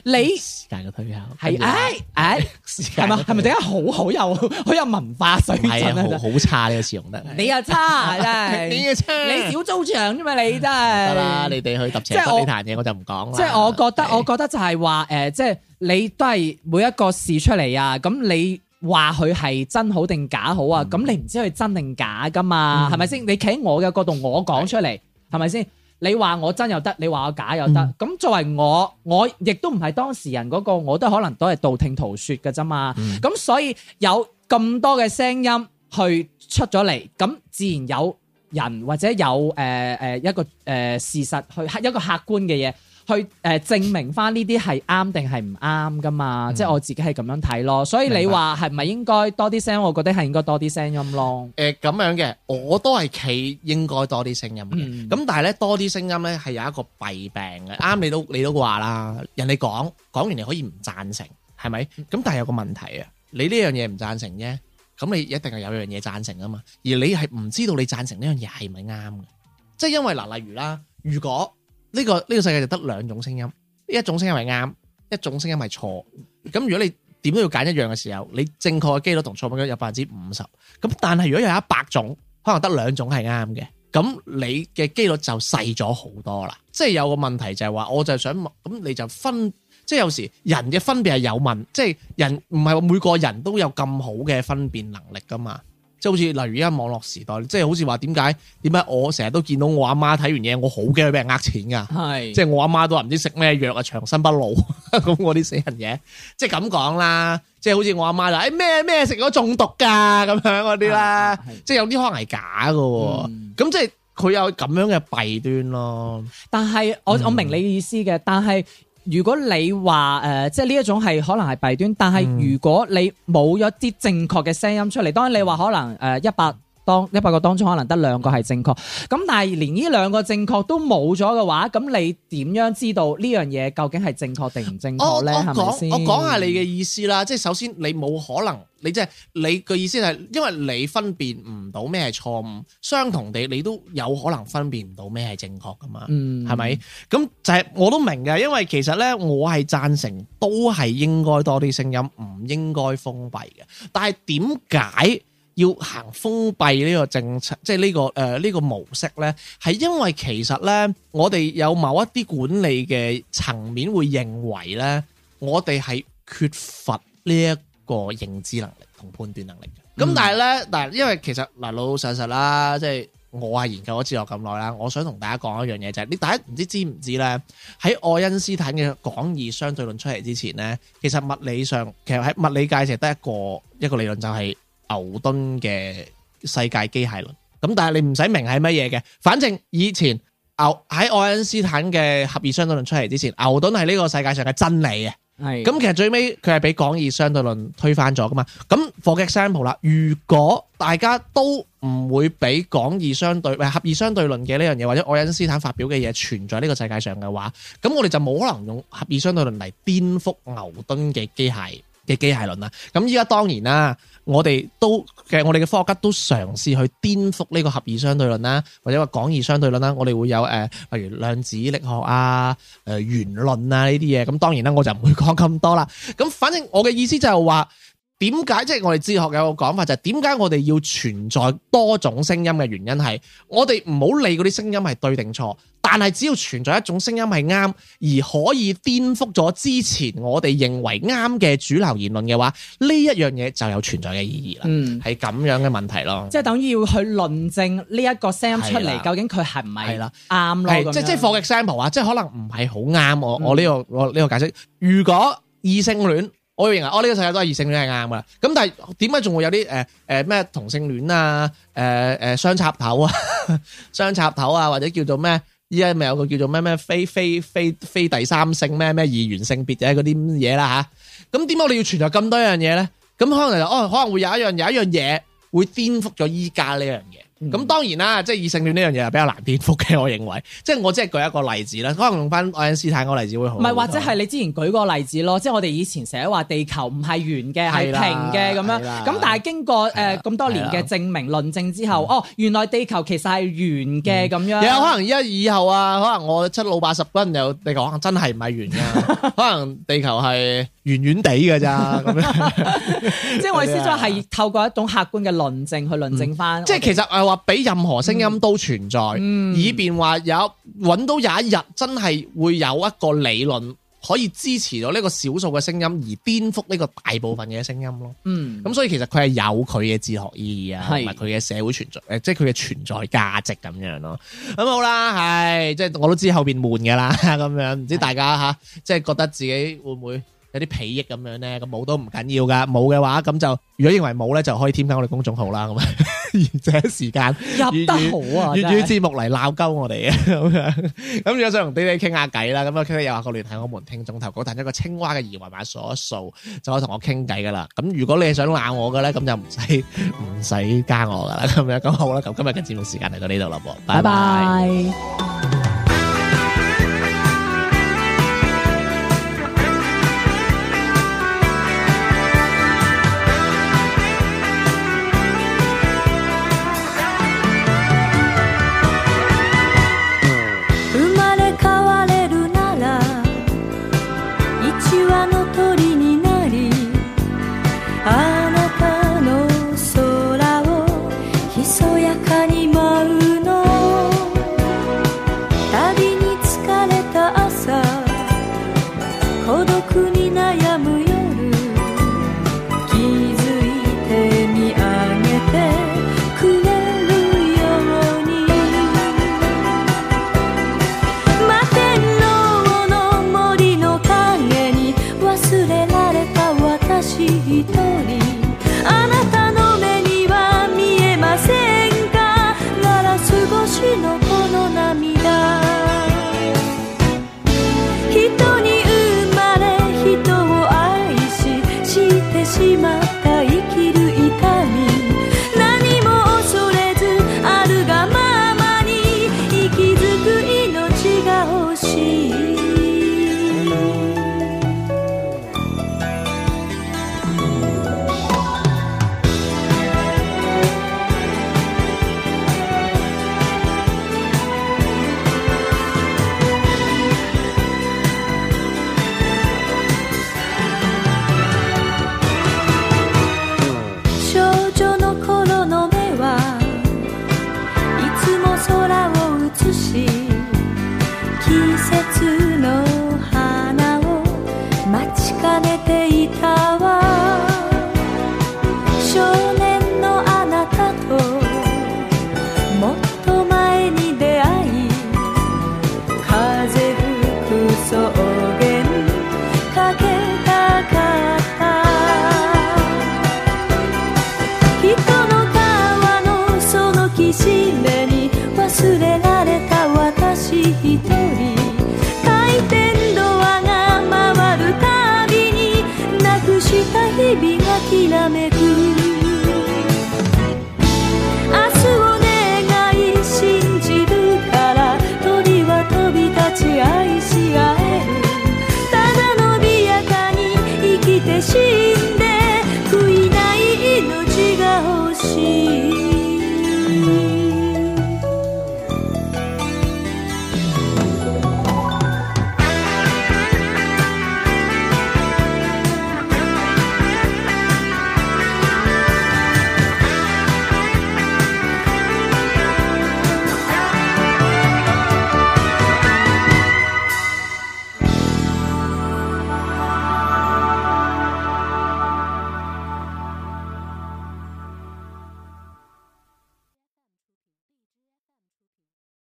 你時間嘅推敲係唉唉，係咪係咪點解好好有好有文化水準啊？好差呢個詞用得，你又差真係，你嘅車，你小租場啫嘛？你真係得啦，你哋去揼斜坡你談嘢，我就唔講啦。即係我覺得，我覺得就係話誒，即係你都係每一個事出嚟啊，咁你。話佢係真好定假好啊？咁、嗯、你唔知佢真定假噶嘛？係咪先？你企喺我嘅角度，我講出嚟係咪先？你話我真又得，你話我假又得。咁、嗯、作為我，我亦都唔係當事人嗰個，我都可能都係道聽途說㗎啫嘛。咁、嗯、所以有咁多嘅聲音去出咗嚟，咁自然有人或者有誒誒、呃呃、一個誒、呃、事實去一個客觀嘅嘢。去誒證明翻呢啲係啱定係唔啱噶嘛？嗯、即係我自己係咁樣睇咯。所以你話係咪係應該多啲聲？明白。我覺得係應該多啲聲音咯。誒咁、呃、樣嘅，我都係企應該多啲聲音。咁、嗯、但係咧，多啲聲音咧係有一個弊病嘅。啱、嗯、你都你都話啦，人哋講講完你可以唔贊成，係咪？咁、嗯、但係有個問題啊，你呢樣嘢唔贊成啫，咁你一定係有樣嘢贊成噶嘛。而你係唔知道你贊成呢樣嘢係咪啱嘅，即係因為嗱、呃，例如啦，如果呢個呢個世界就得兩種聲音，一種聲音係啱，一種聲音係錯。咁如果你點都要揀一樣嘅時候，你正確嘅機率同錯誤率有百分之五十。咁但係如果有一百種，可能得兩種係啱嘅，咁你嘅機率就細咗好多啦。即係有個問題就係話，我就想問，咁你就分即係有時人嘅分別係有問，即係人唔係每個人都有咁好嘅分辨能力噶嘛。即係好似例如而家網絡時代，即係好似話點解點解我成日都見到我阿媽睇完嘢，我好驚佢俾人呃錢㗎。係是，即係我阿媽都話唔知食咩藥啊長生不老咁， 咁我啲死人嘢，即係咁講啦。即係好似我阿媽話誒咩咩食咗中毒㗎咁樣嗰啲啦，即係有啲可能係假嘅喎。咁、嗯、即係佢有咁樣嘅弊端咯。但係我我明你嘅意思嘅，但係。如果你話誒、呃，即係呢一種係可能係弊端，但係如果你冇咗啲正確嘅聲音出嚟，當然你話可能誒一百。呃當一百個當中可能得兩個係正確，咁、嗯、但係連呢兩個正確都冇咗嘅話，咁你點樣知道呢樣嘢究竟係正確定唔正確咧？係咪先？我講下你嘅意思啦，即係首先你冇可能，你即係你嘅意思係，因為你分辨唔到咩係錯誤，相同地你都有可能分辨唔到咩係正確噶嘛，係咪、嗯？咁就係、是、我都明嘅，因為其實咧我係贊成都係應該多啲聲音，唔應該封閉嘅，但係點解？要行封閉呢個政策，即係呢個誒呢個模式咧，係因為其實咧，我哋有某一啲管理嘅層面會認為咧，我哋係缺乏呢一個認知能力同判斷能力嘅。咁但係咧，但係，因為其實嗱老老實實啦，即係我係研究咗哲學咁耐啦，我想同大家講一樣嘢就係，你大家唔知知唔知咧？喺愛因斯坦嘅廣義相對論出嚟之前咧，其實物理上其實喺物理界淨係得一個一個理論就係。牛頓嘅世界機械論，咁但係你唔使明係乜嘢嘅，反正以前牛喺愛因斯坦嘅狹義相對論出嚟之前，牛頓係呢個世界上嘅真理啊，係咁的其實最尾佢係俾廣義相對論推翻咗噶嘛，咁 for example 啦，如果大家都唔會俾廣義相對唔係狹義相對論嘅呢樣嘢或者愛因斯坦發表嘅嘢存在呢個世界上嘅話，咁我哋就冇可能用狹義相對論嚟顛覆牛頓嘅機械。嘅機械論啦，咁依家當然啦，我哋都其實我哋嘅科學家都嘗試去顛覆呢個狹義相對論啦，或者話廣義相對論啦，我哋會有誒、呃，例如量子力學啊、誒、呃、原論啊呢啲嘢，咁當然啦，我就唔會講咁多啦。咁反正我嘅意思就係話。點解，即係我哋哲學有個講法就係，點解我哋要存在多種聲音嘅原因係我哋唔好理嗰啲聲音係對定錯，但係只要存在一種聲音係啱而可以顛覆咗之前我哋認為啱嘅主流言論嘅話，呢一樣嘢就有存在嘅意義啦。嗯，係咁樣嘅問題咯。即係等於要去論證呢一個聲出嚟，的究竟佢係唔係啱咯？樣即係即係 for example 啊，即係可能唔係好啱我、這個、我呢個我呢個解釋。如果異性戀。我認為我呢個世界都係異性戀係啱噶啦，咁但係點解仲會有啲誒誒咩同性戀啊，誒誒雙插頭啊，雙插頭啊或者叫做咩依家咪有個叫做咩咩非非非非第三性咩咩二元性別嘅嗰啲嘢啦吓，咁點解我哋要存在咁多樣嘢咧？咁可能、就係、哦可能會有一樣有一樣嘢會顛覆咗依家呢樣嘢。咁當然啦，即係異性戀呢樣嘢係比較難顛覆嘅，我認為。即係我即係舉一個例子啦，可能用翻愛因斯坦個例子會好。唔係，或者係你之前舉個例子咯，即係我哋以前成日話地球唔係圓嘅，係平嘅咁樣。咁但係經過誒咁多年嘅證明論證之後，哦，原來地球其實係圓嘅咁樣。有可能依家以後啊，可能我七老八十，可能又地球真係唔係圓嘅，可能地球係。圓圓地嘅咋咁樣，即係我意思即係，係透過一種客觀嘅論證去論證翻。即係其實係話俾任何聲音都存在，以便話有揾到有一日真係會有一個理論可以支持到呢個少數嘅聲音，而顛覆呢個大部分嘅聲音咯。嗯，咁所以其實佢係有佢嘅哲學意義啊，同埋佢嘅社會存在，誒，即係佢嘅存在價值咁樣咯。咁好啦，係即係我都知後邊悶嘅啦，咁樣唔知大家吓，即係覺得自己會唔會？有啲裨益咁樣咧，咁冇都唔緊要噶，冇嘅話咁就，如果認為冇咧，就可以添加我哋公眾號啦咁啊。而家時間入得好啊，粵語節目嚟鬧鳩我哋啊。咁樣。咁如果想同 B B 傾下偈啦，咁啊 B B 又話個聯繫我們聽眾投稿嗰但一個青蛙嘅二維碼掃一掃就可以同我傾偈噶啦。咁如果你係想鬧我嘅咧，咁就唔使唔使加我噶啦咁樣。咁好啦，咁今日嘅節目時間嚟到呢度啦噃，拜拜。拜拜。